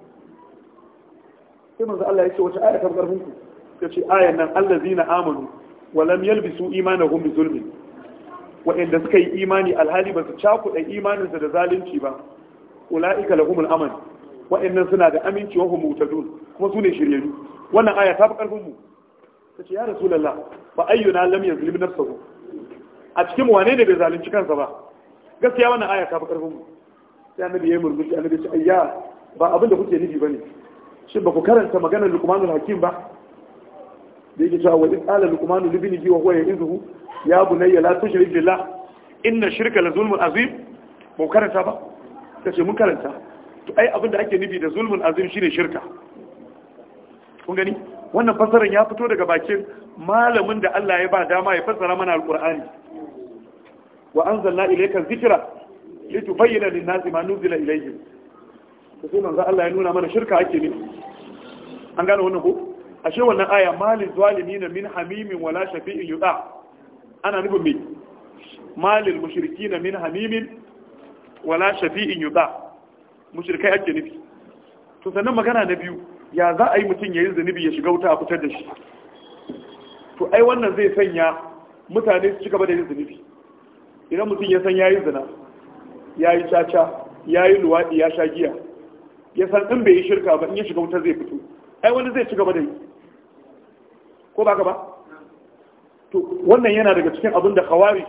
sai manzo Allah ya ce wata aya ta ƙarfinku ya ce ayan nan allazina amanu wa lam yalbisu imanahum bi zulmi wa'anda suka yi imani alhali ba su cakuɗa imaninsa da zalunci ba ula'ika lahumul aman wa'annan suna da aminci wa hum mutadun kuma su ne shiryayyu wannan aya ta ƙarfinmu ta ce ya rasulullah fa ayyuna lam yazlim nafsahu a cikin wane ne bai zalunci kansa ba gaskiya wannan aya ta fi karfin mu sai annabi yayi murmushi annabi ce ayya ba abin da kuke nufi bane shin ba ku karanta maganar luqmanul hakim ba da yake cewa qala luqmanu li libnihi wa huwa ya'izuhu ya bunayya la tushrik billah inna shirka la zulmun azim ba ku karanta ba kace mun karanta to ai abin da ake nufi da zulmun azim shine shirka kun gani wannan fasaran ya fito daga bakin malamin da Allah ya ba dama ya fassara mana alqur'ani wa anzalna ilayka dhikra litubayyana lin-nasi ma nuzila ilayhim to sai manzo Allah ya nuna mana shirka ake ne an gane wannan ko ashe wannan aya malin zalimin min hamimin wala shafi'in yuda ana nufin me malil mushrikin min hamimin wala shafi'in yuda mushrikai ake nufi to sannan magana na biyu ya za a yi mutum ya yi zunubi ya shiga wuta a fitar da shi to ai wannan zai sanya mutane su ci gaba da yin zunubi idan mutum ya san yayi zina yayi caca yayi luwadi ya sha giya ya san in bai yi shirka ba in ya shiga wuta zai fito ai wani zai ci gaba da yi ko ba ka ba to wannan yana daga cikin abin da kawari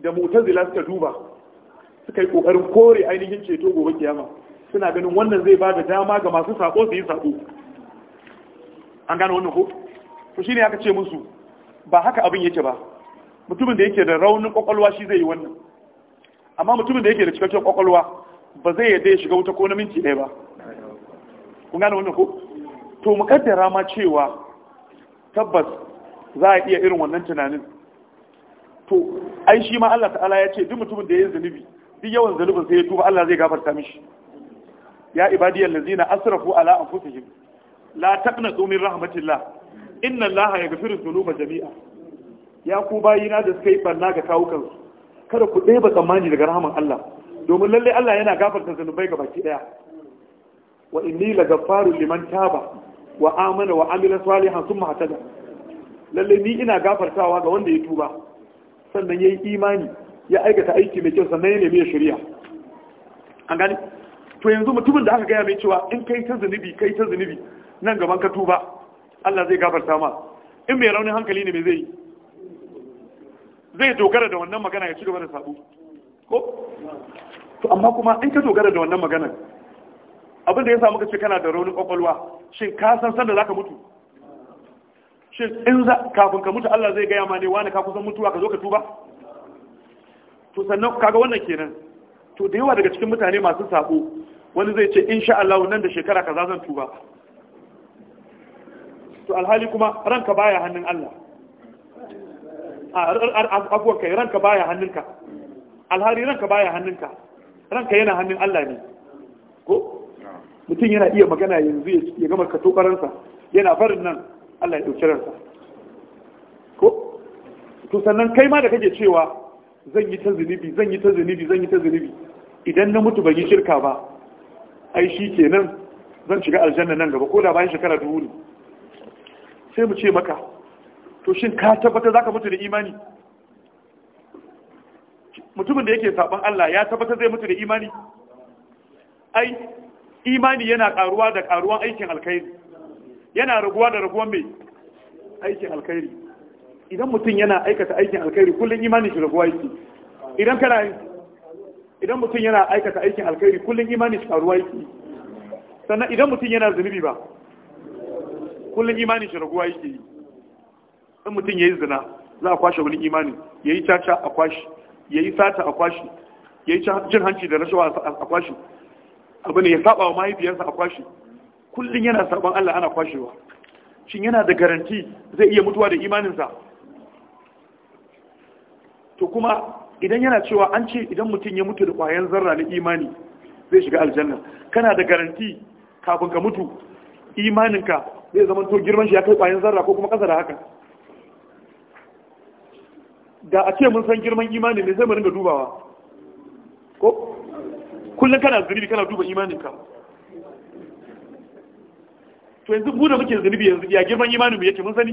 da mu'tazila suka duba suka yi kokarin kore ainihin ceto gobe kiyama suna ganin wannan zai ba da dama ga masu sako su yi sako an gano wannan ko to shine aka ce musu ba haka abin yake ba mutumin da yake da raunin kwakwalwa shi zai yi wannan amma mutumin da yake da cikakken kwakwalwa ba zai yadda ya shiga wuta ko na minti ɗaya ba kun gane wannan ko to mu kaddara ma cewa tabbas za a iya irin wannan tunanin to ai shi ma Allah ta'ala ya ce duk mutumin da ya yi zunubi duk yawan zunubin sai ya tuba Allah zai gafarta mishi ya ibadiyal ladzina asrafu ala anfusihim la taqnatu min rahmatillah inna allaha yaghfiru dhunuba jami'a ya ku bayina da suka yi barna ga kawukansu kada ku ɗaya ba tsammani daga rahaman Allah domin lalle Allah yana gafarta zunubai ga baki ɗaya wa inni la gaffaru liman taba wa amana wa amila salihan summa hatada lalle ni ina gafartawa ga wanda ya tuba sannan yayi imani ya aikata aiki mai kyau sannan ya nemi ya shirya an gani to yanzu mutumin da aka gaya mai cewa in kai ta zunubi kai ta zunubi nan gaban ka tuba Allah zai gafarta ma in mai raunin hankali ne me zai yi zai dogara da wannan magana ya ci gaba da sabo ko to amma kuma in ka dogara da wannan magana abin da ya samu ce kana da raunin kwakwalwa shin ka san sanda za zaka mutu shin in za kafin ka mutu Allah zai gaya ma ne wani ka kusan mutuwa ka zo ka tuba to sannan kaga wannan kenan to da yawa daga cikin mutane masu sabo wani zai ce insha Allah nan da shekara kaza zan tuba to alhali kuma ranka baya hannun Allah abuwan kai ranka baya hannunka alhari ranka baya hannunka ranka yana hannun Allah ne ko mutum yana iya magana yanzu ya gama kato karansa yana farin nan Allah ya dauki ransa ko to sannan kai ma da kake cewa zan yi ta zunubi zan yi ta zunubi zan yi ta zunubi idan na mutu ban yi shirka ba ai shi kenan zan shiga aljanna nan gaba ko da bayan shekara dubu ne sai mu ce maka to shin ka tabbatar zaka mutu da imani mutumin da yake saban Allah ya tabbatar zai mutu da imani ai imani yana karuwa da karuwan aikin alkhairi yana raguwa da raguwan mai aikin alkhairi idan mutum yana aikata aikin alkhairi kullum imanin shi raguwa yake idan kana idan mutum yana aikata aikin alkhairi kullum imanin shi karuwa yake sannan idan mutum yana zunubi ba kullum imanin shi raguwa yake yi in mutum ya yi zina za a kwashe wani imani ya yi caca a kwashi ya yi sata a kwashi ya yi jin hanci da rashawa a kwashi abu ne ya saba wa mahaifiyarsa a kwashi kullum yana sabon Allah ana kwashewa shin yana da garanti zai iya mutuwa da imaninsa to kuma idan yana cewa an ce idan mutum ya mutu da kwayan zarra na imani zai shiga aljanna kana da garanti kafin ka mutu imaninka zai zama to girman shi ya kai kwayan zarra ko kuma kasa da haka da a ce mun san girman imanin ne sai mu ringa dubawa ko kullum kana zunubi kana duba imaninka to yanzu mu da muke zunubi yanzu ya girman imanin mu yake mun sani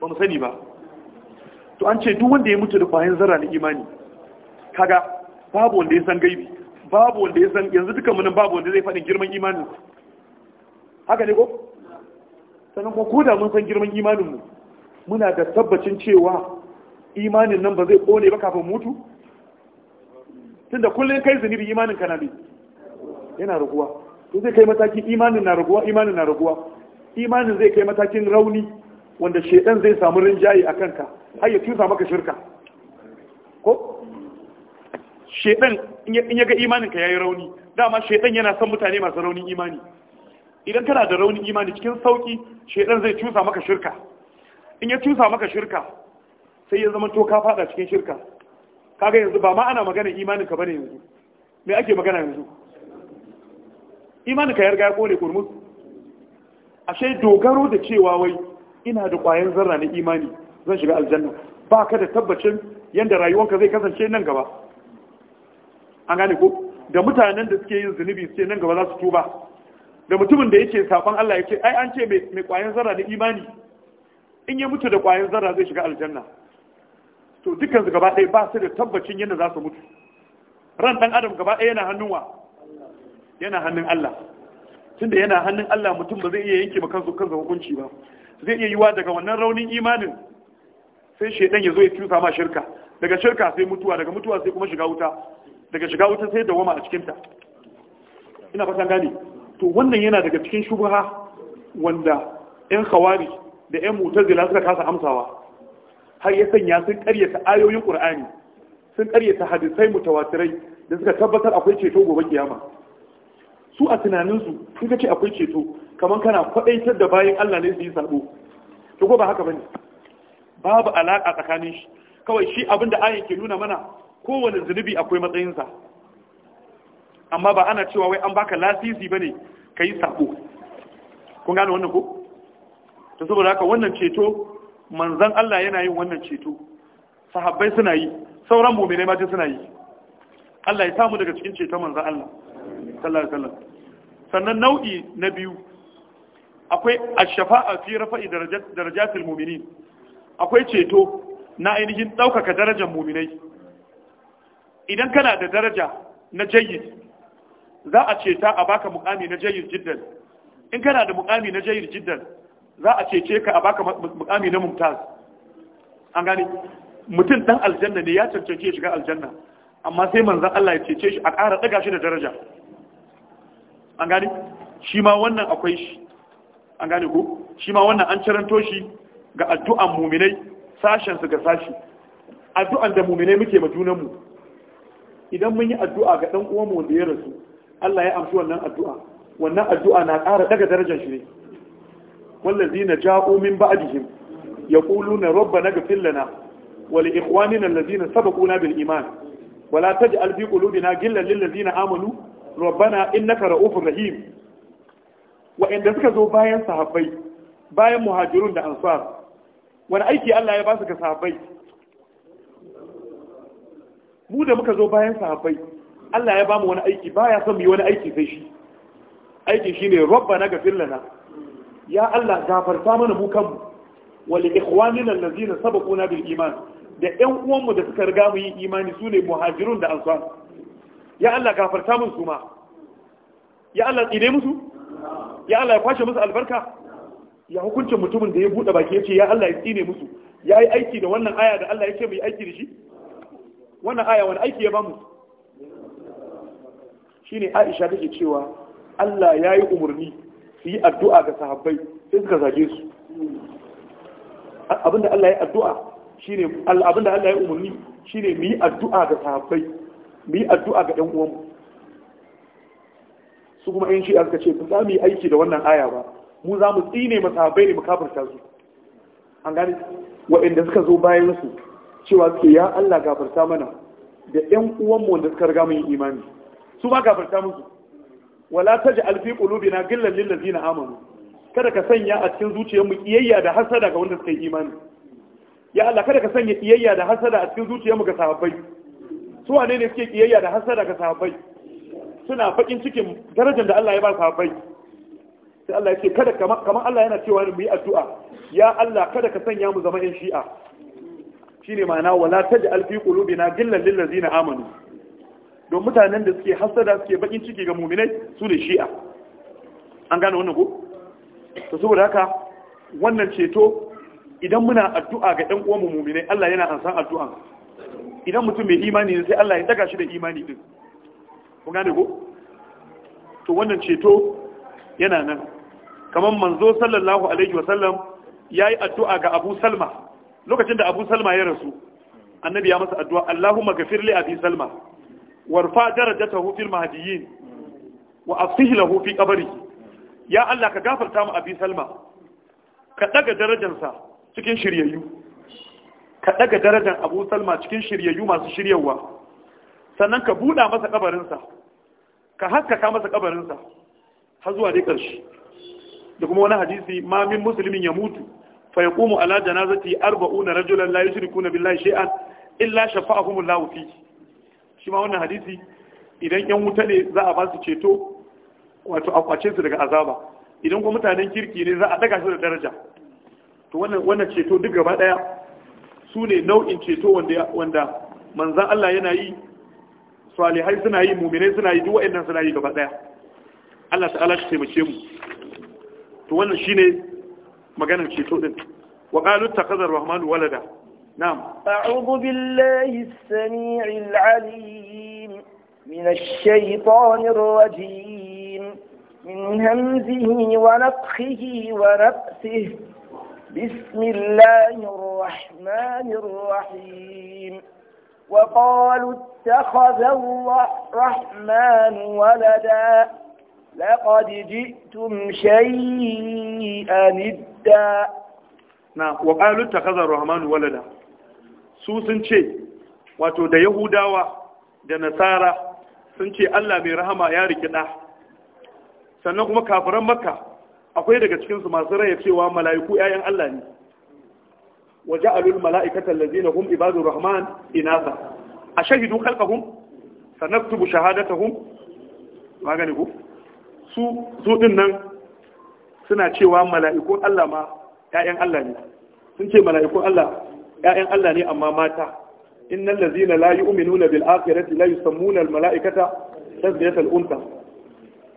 ba mu sani ba to an ce duk wanda ya mutu da kwayan zara na imani kaga babu wanda ya san gaibi babu wanda ya san yanzu duka munin babu wanda zai faɗin girman imanin haka ne ko sannan ko ko da mun san girman imanin mu muna da tabbacin cewa imanin nan ba zai kone ba kafin mutu tunda kullum kai zunubi imanin kana bi yana raguwa to zai kai mataki imanin na raguwa imanin na raguwa imanin zai kai matakin rauni wanda shedan zai samu rinjaye a kanka har ya tusa maka shirka ko shedan in ya ga imanin ka yayi rauni dama shedan yana son mutane masu raunin imani idan kana da raunin imani cikin sauki shedan zai tusa maka shirka in ya tusa maka shirka sai ya zama to ka fada cikin shirka kaga yanzu ba ma ana magana imanin ka bane yanzu me ake magana yanzu imanin ka ya riga ya kore kurmus ashe dogaro da cewa wai ina da ƙwayan zarra na imani zan shiga aljanna ba ka da tabbacin yadda rayuwanka zai kasance nan gaba an gane ko da mutanen da suke yin zunubi suke nan gaba za su tuba da mutumin da yake sakon Allah yake ai an ce mai ƙwayan zarra da imani in ya mutu da ƙwayan zarra zai shiga aljanna to dukkan su gaba ɗaya ba su da tabbacin yadda za su mutu ran ɗan adam gaba ɗaya yana hannun wa yana hannun Allah tunda yana hannun Allah mutum ba zai iya yanke ma kansu kansa hukunci ba zai iya yiwa daga wannan raunin imanin sai shaidan ya zo ya tusa ma shirka daga shirka sai mutuwa daga mutuwa sai kuma shiga wuta daga shiga wuta sai dawama a cikinta ina fatan gane to wannan yana daga cikin shubha wanda 'yan khawari da 'yan mutazila suka kasa amsawa har ya sanya sun karyata ayoyin qur'ani sun karyata hadisai mutawatirai da suka tabbatar akwai ceto gobe kiyama su a tunaninsu sun ce akwai ceto kamar kana kwadaitar da bayan Allah ne su yi sabo to ko ba haka bane babu alaka tsakanin shi kawai shi abin da ayin ke nuna mana kowane zunubi akwai matsayinsa amma ba ana cewa wai an baka lasisi bane ka yi sabo kun gane wannan ko to saboda haka wannan ceto manzan Allah yana yin wannan ceto sahabbai suna yi sauran mu'minai ma suna yi Allah ya samu daga cikin ceton manzan Allah sannan nau'i na biyu akwai a shafaa fi rafa'i darajatil mu'minin akwai ceto na ainihin ɗaukaka darajar mu'minai idan kana da daraja na jayyid za a ceta a baka mukami na jayyid jiddan in kana da mukami na jayyid jiddan za a ce ka a baka mukami na mumtaz an gane mutum dan aljanna ne ya cancance shiga aljanna amma sai manzan Allah ya cece shi a ƙara ɗaga shi da daraja an gane shi ma wannan akwai shi an gane ko shi ma wannan an ciranto shi ga addu'an muminai sashen su ga sashi addu'an da muminai muke ma junan mu idan mun yi addu'a ga dan uwan mu da ya rasu Allah ya amshi wannan addu'a wannan addu'a na ƙara ɗaga darajar shi ne wallazina ja'u min ba'dihim yaquluna rabbana ighfir lana wa li ikhwanina allazina sabaquna bil iman wa la taj'al fi qulubina ghillan lil ladzina amanu rabbana innaka ra'ufur rahim wa suka zo bayan bayan muhajirun da ansar wani aiki Allah ya ba su ga sahabbai mu da muka zo bayan sahabbai Allah ya ba mu wani aiki baya son mu yi wani aiki sai shi aikin shine rabbana ga lana ya Allah gafarta mana mu kanmu wa li ikhwanina allazina sabaquna bil iman da ƴan uwanmu da suka riga mu yi imani sune muhajirun da ansar ya Allah gafarta mun su ma ya Allah tsire musu ya Allah ya kwashe musu albarka ya hukuncin mutumin da ya bude baki yace ya Allah ya tsine musu yayi aiki da wannan aya da Allah yake mu yi aiki da shi wannan aya wani aiki ya bamu shine Aisha take cewa Allah yayi umurni su yi addu'a ga sahabbai sai suka zage su abinda Allah ya addu'a ne abinda Allah ya umarni shine mu yi addu'a ga sahabbai mu yi addu'a ga ɗan uwanmu su kuma shi a suka ce ba za mu yi aiki da wannan aya ba mu za mu tsine mu sahabbai ne mu kafirta su an gani waɗanda suka zo bayan su cewa suke ya Allah gafarta mana da ɗan uwanmu wanda suka riga mun yi imani su ma gafarta musu wala taj'al fi qulubina gillan lil ladzina amanu kada ka sanya a cikin zuciyarmu iyayya da hasada ga wanda suka yi imani ya Allah kada ka sanya iyayya da hasada a cikin zuciyarmu ga sahabbai su wane ne suke iyayya da hasada ga sahabbai suna fakin cikin darajar da Allah ya ba sahabbai sai Allah ya ce kada kamar Allah yana cewa mu yi addu'a ya Allah kada ka sanya mu zama yan shi'a shine ma'ana wala taj'al fi qulubina gillan lil ladzina amanu don mutanen da suke hasada suke bakin ciki ga muminai su ne shi'a an gane wannan ko Ta saboda haka wannan ceto idan muna addu'a ga ɗan uwan muminai Allah yana ansan addu'an idan mutum mai imani ne sai Allah ya daga shi da imani din kun gane ko to wannan ceto yana nan kamar manzo sallallahu alaihi wa sallam yi addu'a ga Abu Salma lokacin da Abu Salma ya rasu annabi ya masa addu'a Allahumma ghafir li Abi Salma warfa darajatahu fil mahdiyyin wa afsih lahu kabari ya Allah ka gafarta mu abi salma ka daga darajarsa cikin shiryayyu ka daga darajar abu salma cikin shiryayyu masu shiryawa sannan ka buɗa masa kabarinsa ka haskaka masa kabarinsa har zuwa dai ƙarshe da kuma wani hadisi ma min musulmin ya mutu fa yaqumu ala janazati arba'una rajulan la yushrikuna billahi shay'an illa shafa'ahum Allahu fihi shi ma wannan hadisi idan yan wuta ne za a ba su ceto wato a kwace su daga azaba idan kuma mutanen kirki ne za a daga su da daraja to wannan wannan ceto duk gaba daya su ne nau'in ceto wanda wanda manzon Allah yana yi salihai suna yi muminai suna yi duk wa'annan suna yi gaba daya Allah ta'ala shi taimake mu to wannan shine maganar ceto din wa qalu takhazar rahmanu walada نعم أعوذ بالله السميع العليم من الشيطان الرجيم من همزه ونفخه ونفسه بسم الله الرحمن الرحيم وقالوا اتخذ الرحمن ولدا لقد جئتم شيئا إدا نعم وقالوا اتخذ الرحمن ولدا su sun ce wato da yahudawa da nasara sun ce allah mai rahama ya rikida sannan kuma kafiran makka akwai daga cikinsu masu raya cewa mala'iku 'ya'yan allah ne waje alul mala'ikatan lazina hum ibadu rahman inasa a shahidu kalkahum sanaktubu shahadatahum magani ku su su din nan suna cewa mala'ikun allah ma 'ya'yan allah ne sun ce mala'ikun allah Ya'yan Allah ne amma mata innal ladzina la yu'minuna bil akhirati la yusammuna al mala'ikata tasbiyatal unta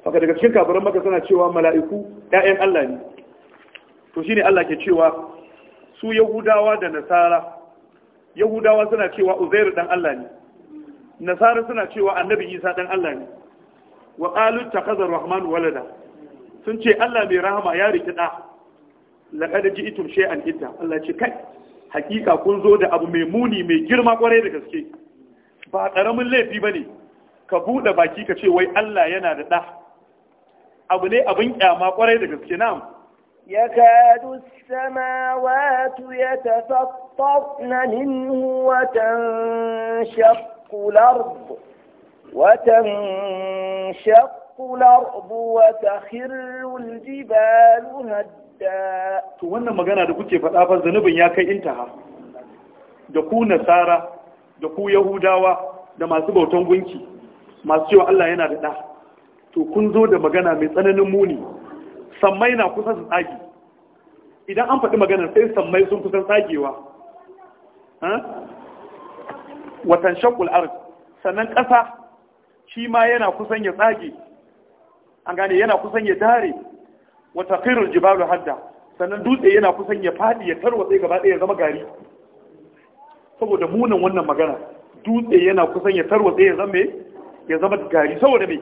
haka daga cikin kafiran maka suna cewa mala'iku ya'yan Allah ne to shine Allah ke cewa su yahudawa da nasara yahudawa suna cewa uzairu dan Allah ne nasara suna cewa annabi isa dan Allah ne wa qalu takaza rahman walada sun ce Allah mai rahama ya Laƙa da ji ji'tum shay'an idda Allah ce kai hakika kun zo da abu mai muni mai girma kwarai da gaske ba ƙaramin laifi ba ne ka buɗe baki ka ce wai Allah yana da ɗa abu ne abin ƙyama kwarai da gaske Ya na'am يكاد السماوات watan منه وتنشق الأرض وتنشق الأرض وتخر الجبال hadd to wannan magana da kuke faɗa fa zanubin ya kai intaha da ku nasara da ku yahudawa da masu bautan gunki masu cewa Allah yana da ɗa to kun zo da magana mai tsananin muni sammai na kusa su tsage idan an faɗi magana sai sammai sun kusan tsagewa watan shakul arz sannan ƙasa shi ma yana kusan ya tsage an gane yana kusan ya dare wata taqirul jibalu hadda sannan dutse yana kusan ya fadi ya tarwatse gaba ɗaya ya zama gari saboda munan wannan magana dutse yana kusan ya tarwatse ya zama ya zama gari saboda me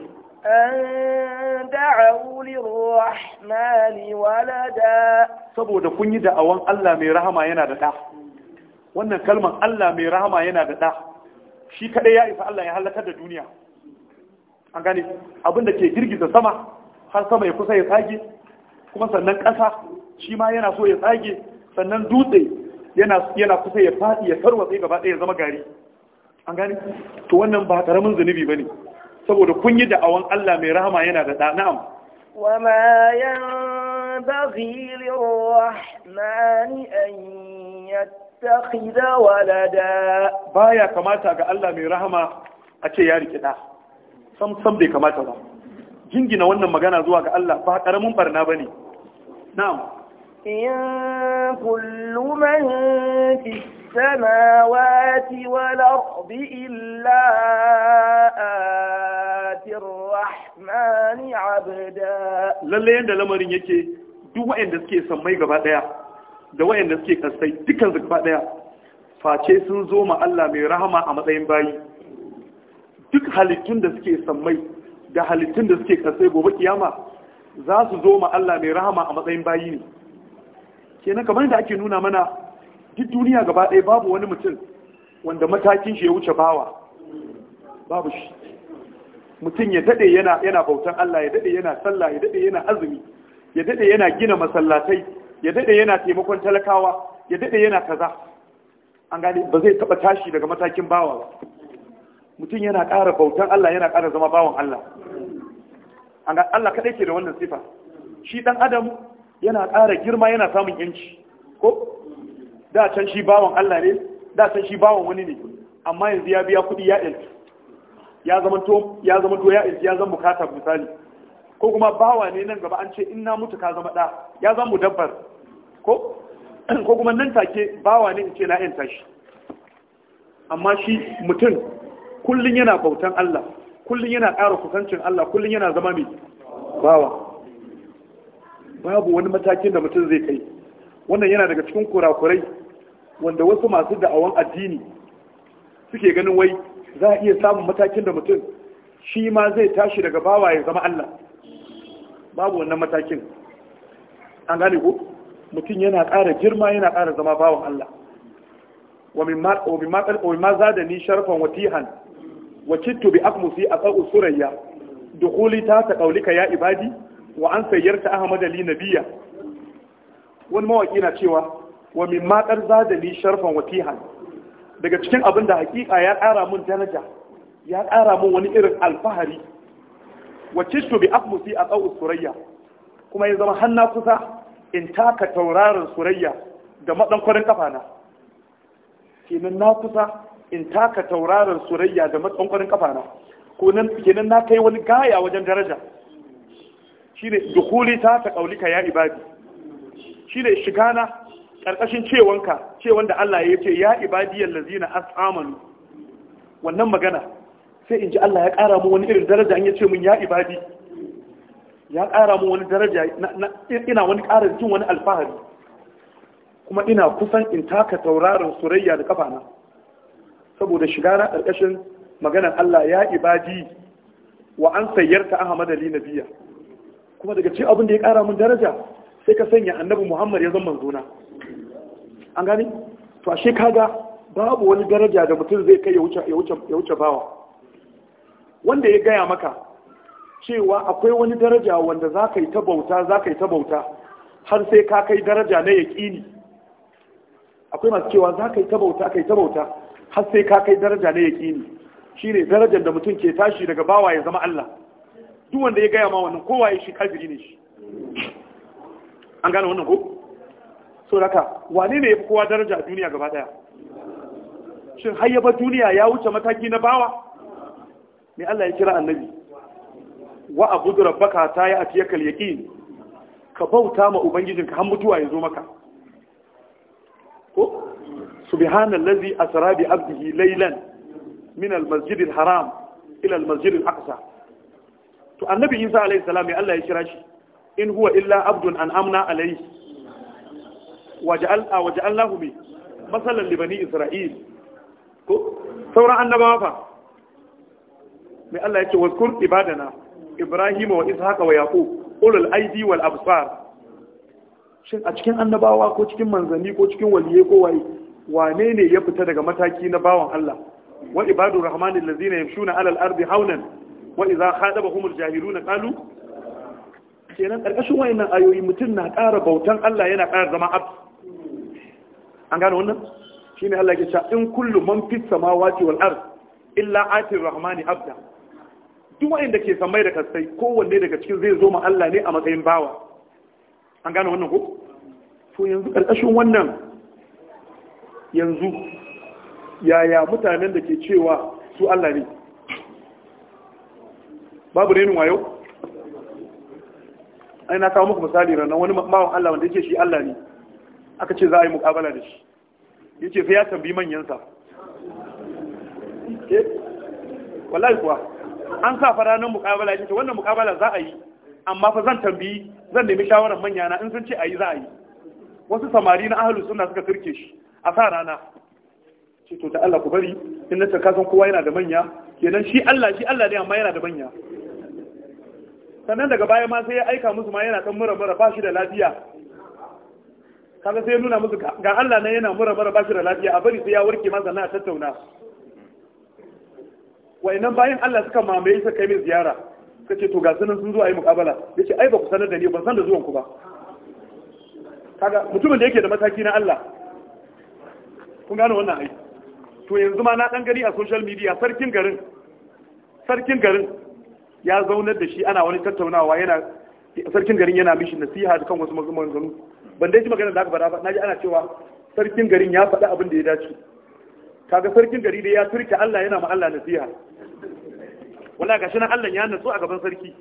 da'u lirrahmani walada saboda kun yi da'awan Allah mai rahama yana da da wannan kalmar Allah mai rahama yana da da shi kadai ya isa Allah ya halaka da duniya an gane abinda ke girgiza sama har sama ya kusa ya sage kuma sannan ƙasa shi ma yana so ya tsage sannan dutse yana kusa ya faɗi ya tarwatsa gaba ɗaya ya zama gari an gani to wannan ba karamin zunubi ne. saboda kun yi da'awan Allah mai rahama yana da ɗana'am ba ya kamata ga Allah mai rahama a ce ya riƙe ɗa sam sam bai kamata ba Gingina wannan magana zuwa ga Allah ba karamin barna ne. نعم إن كل من في السماوات والأرض إلا آتي الرحمن عبدا للي عند لمرين يكي duk waɗanda suke sammai gaba ɗaya da waɗanda suke kasai dukkan su gaba ɗaya face sun zo ma Allah mai rahama a matsayin bayi duk halittun da suke sammai da halittun da suke kasai gobe kiyama za su zo ma Allah mai rahama a matsayin bayi ne kenan kamar da ake nuna mana duk duniya gaba ɗaya babu wani mutum wanda matakin shi ya wuce bawa babu shi mutum ya daɗe yana yana bautan Allah ya daɗe yana sallah ya daɗe yana azumi ya daɗe yana gina masallatai ya daɗe yana taimakon talakawa ya daɗe yana kaza an gane ba zai taɓa tashi daga matakin bawa ba mutum yana ƙara bautan Allah yana ƙara zama bawan Allah an ga Allah kaɗai ke da wannan sifa shi ɗan adam yana ƙara girma yana samun yanci ko da can shi bawan Allah ne da can shi bawan wani ne amma yanzu ya biya kuɗi ya yanci ya zama to ya zama to ya yanci ya zama bukata misali ko kuma bawa ne nan gaba an ce in na mutu ka zama ɗa ya zama dabbar ko ko kuma nan take bawa ne in ce na yanta shi amma shi mutum kullum yana bautan Allah kullum yana ƙara kusancin Allah kullum yana zama mai bawa babu wani matakin da mutum zai kai wannan yana daga cikin kurakurai wanda wasu masu da'awan addini suke ganin wai za a iya samun matakin da mutum shi ma zai tashi daga bawa ya zama Allah babu wannan matakin an gane ko mutum yana ƙara girma yana ƙara zama bawan Allah wa min ma zadani sharfan watihan wakittu bi a aqu surayya dukhuli ta ta qaulika ya ibadi wa an sayyarta ahmad li nabiyya wani mawaki na cewa wa min ma qad li sharfan wa daga cikin abin da hakika ya ƙara mun daraja ya ƙara mun wani irin alfahari wakittu bi a aqu surayya kuma ya zama hanna kusa in taka tauraron surayya da madan kwarin kafana kenan na kusa in taka tauraron surayya da matsankwarin kafana ko nan kenan na kai wani gaya wajen daraja shine dukuli ta ta kaulika ya ibadi shine shigana karkashin cewanka cewan da Allah ya ce ya zina lazina as'amanu wannan magana sai in ji Allah ya ƙara mu wani irin daraja in ya ce mun ya ibadi ya ƙara mu wani daraja ina wani ƙarin jin wani alfahari kuma ina kusan in taka tauraron surayya da kafana saboda shiga na ƙarƙashin maganar Allah ya ibadi wa an aha Ahmad na Biya. kuma daga cikin abin da ya ƙara mun daraja sai ka sanya annabi Muhammad ya zama zuna. an gane to ashe kaga babu wani daraja da mutum zai kai ya ya wuce bawa wanda ya gaya maka cewa akwai wani daraja wanda za ka yi ta bauta za ka yi ta bauta har sai ka kai daraja na yaƙini akwai masu cewa za ka yi ta bauta ka yi ta bauta har sai ka kai daraja na yaƙini shi ne darajar da mutum ke tashi daga bawa ya zama Allah duk wanda ya gaya ma wannan kowa ya shi kafiri ne shi an gane wannan ko so haka wane ne ya fi kowa daraja a duniya gaba daya shin hayyaba duniya ya wuce mataki na bawa me Allah ya kira annabi wa abudu rabbaka ta yi atiyaka yaqin ka bauta ma ubangijinka har mutuwa ya zo maka ko subhanallazi asra bi abdihi laylan min almasjid alharam ila almasjid alaqsa to annabi Isa alayhi salam ya Allah ya kira shi in illa abdun an'amna alayhi waja'al waja'alnahu bi masalan li bani isra'il ko annabawa fa mai Allah yake wazkur ibadana ibrahima wa ishaqa wa yaqub ulul aidi wal absar shin a cikin annabawa ko cikin ko cikin ko waye wane ne ya fita daga mataki na bawan Allah wa ibadu rahmanin lazina shuna alal ardi haunan wa kuma jahilu na ƙalu? kenan ƙarƙashin wayannan ayoyi mutum na ƙara bautan Allah yana ƙara zama abd an gano wannan Shi ne Allah ke ce in kullu man fis samawati wal ard illa atir rahmani abda duk wanda ke samai da kasai kowanne daga cikin zai zo ma Allah ne a matsayin bawa an gano wannan ko to yanzu ƙarƙashin wannan yanzu yaya mutanen da ke cewa su Allah ne babu renin wayo ai na kawo muku misali ranar wani bawan Allah wanda yake shi Allah ne aka ce za a yi mukabala da shi ce sai ya tambi manyansa eh wallahi kuwa an sa fara nan mukabala yace wannan mukabala za a yi amma fa zan tambi, zan nemi shawaran manyana in sun ce a yi za a yi wasu samari na ahlus sunna suka kirke shi a sa rana ce to ta Allah ku bari in nace kasan kowa yana da manya kenan shi Allah shi Allah ne amma yana da manya sannan daga baya ma sai ya aika musu ma yana kan mura ba shi da lafiya kaga sai ya nuna musu ga Allah ne yana mura ba shi da lafiya a bari sai ya warke ma sannan a tattauna wayannan bayan Allah suka mamaye suka kai min ziyara suka ce to ga sunan sun zo a yi mukabala yace ai ba ku sanar da ni ban san da zuwan ku ba kaga mutumin da yake da mataki na Allah kun gane wannan aiki to yanzu ma na dan gani a social media sarkin garin sarkin garin ya zaunar da shi ana wani tattaunawa yana sarkin garin yana mishi nasiha da kan wasu maganganu ban dai ji magana da aka faɗa ba naji ana cewa sarkin garin ya faɗa abin da ya dace kaga sarkin gari dai ya turke Allah yana ma Allah nasiha wala gashi nan Allah ya natsu a gaban sarki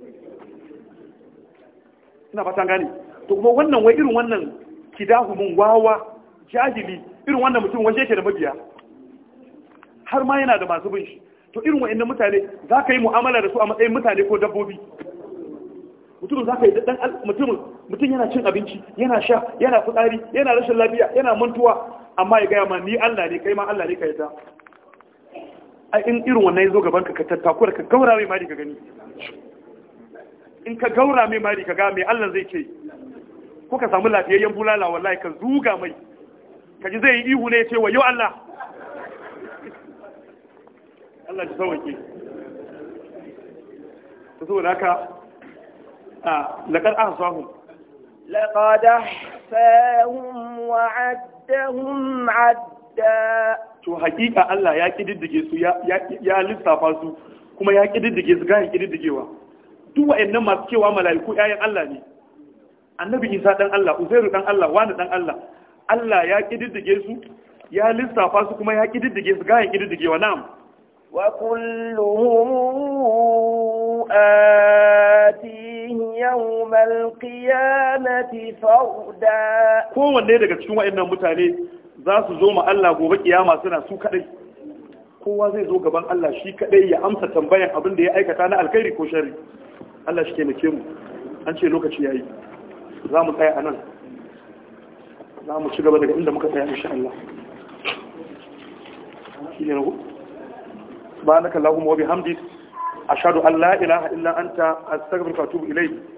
ina fatan gane to kuma wannan wai irin wannan kidahumun wawa jahili irin wannan mutum waje ke da mabiya har ma yana da masu bin shi to irin wa'annan mutane za ka yi mu'amala da su a matsayin mutane ko dabbobi mutum za ka yi dan mutum mutum yana cin abinci yana sha yana fitsari yana rashin lafiya yana mantuwa amma ya gaya ma ni Allah ne kai ma Allah ne ka ta ai in irin wannan ya zo gaban ka ka tattakura ka gaura mai mari ka gani in ka gaura mai mari ka ga mai Allah zai ce ko ka samu lafiyayyen bulala wallahi ka zuga mai kaji zai yi ihu ne ya ce wayo Allah Allah shi sauke ta saboda haka a laƙar aka samu لقد احفاهم وعدهم عدا to hakika Allah ya ƙididdige su ya lissafa su kuma ya ƙididdige, su gahin kididdigewa duk wayannan masu cewa mala'iku 'ya'yan Allah ne annabi Isa ɗan Allah Uzairu dan Allah wani ɗan Allah Allah ya kididdige su ya lissafa su kuma ya kididdige su gayan kididdigewa na'am wa kulluhum atihi yawmal qiyamati fawda kowanne daga cikin wayannan mutane za su zo ma Allah gobe kiyama suna su kadai kowa zai zo gaban Allah shi kadai ya amsa tambayan abin da ya aikata na alkhairi ko sharri Allah shi ke mu an ce lokaci yayi za mu tsaya nan. za mu ci gaba daga inda muka tsaya insha Allah shine rubu subhanaka allahumma wa bihamdik ashhadu an la ilaha illa anta astaghfiruka wa atubu ilayk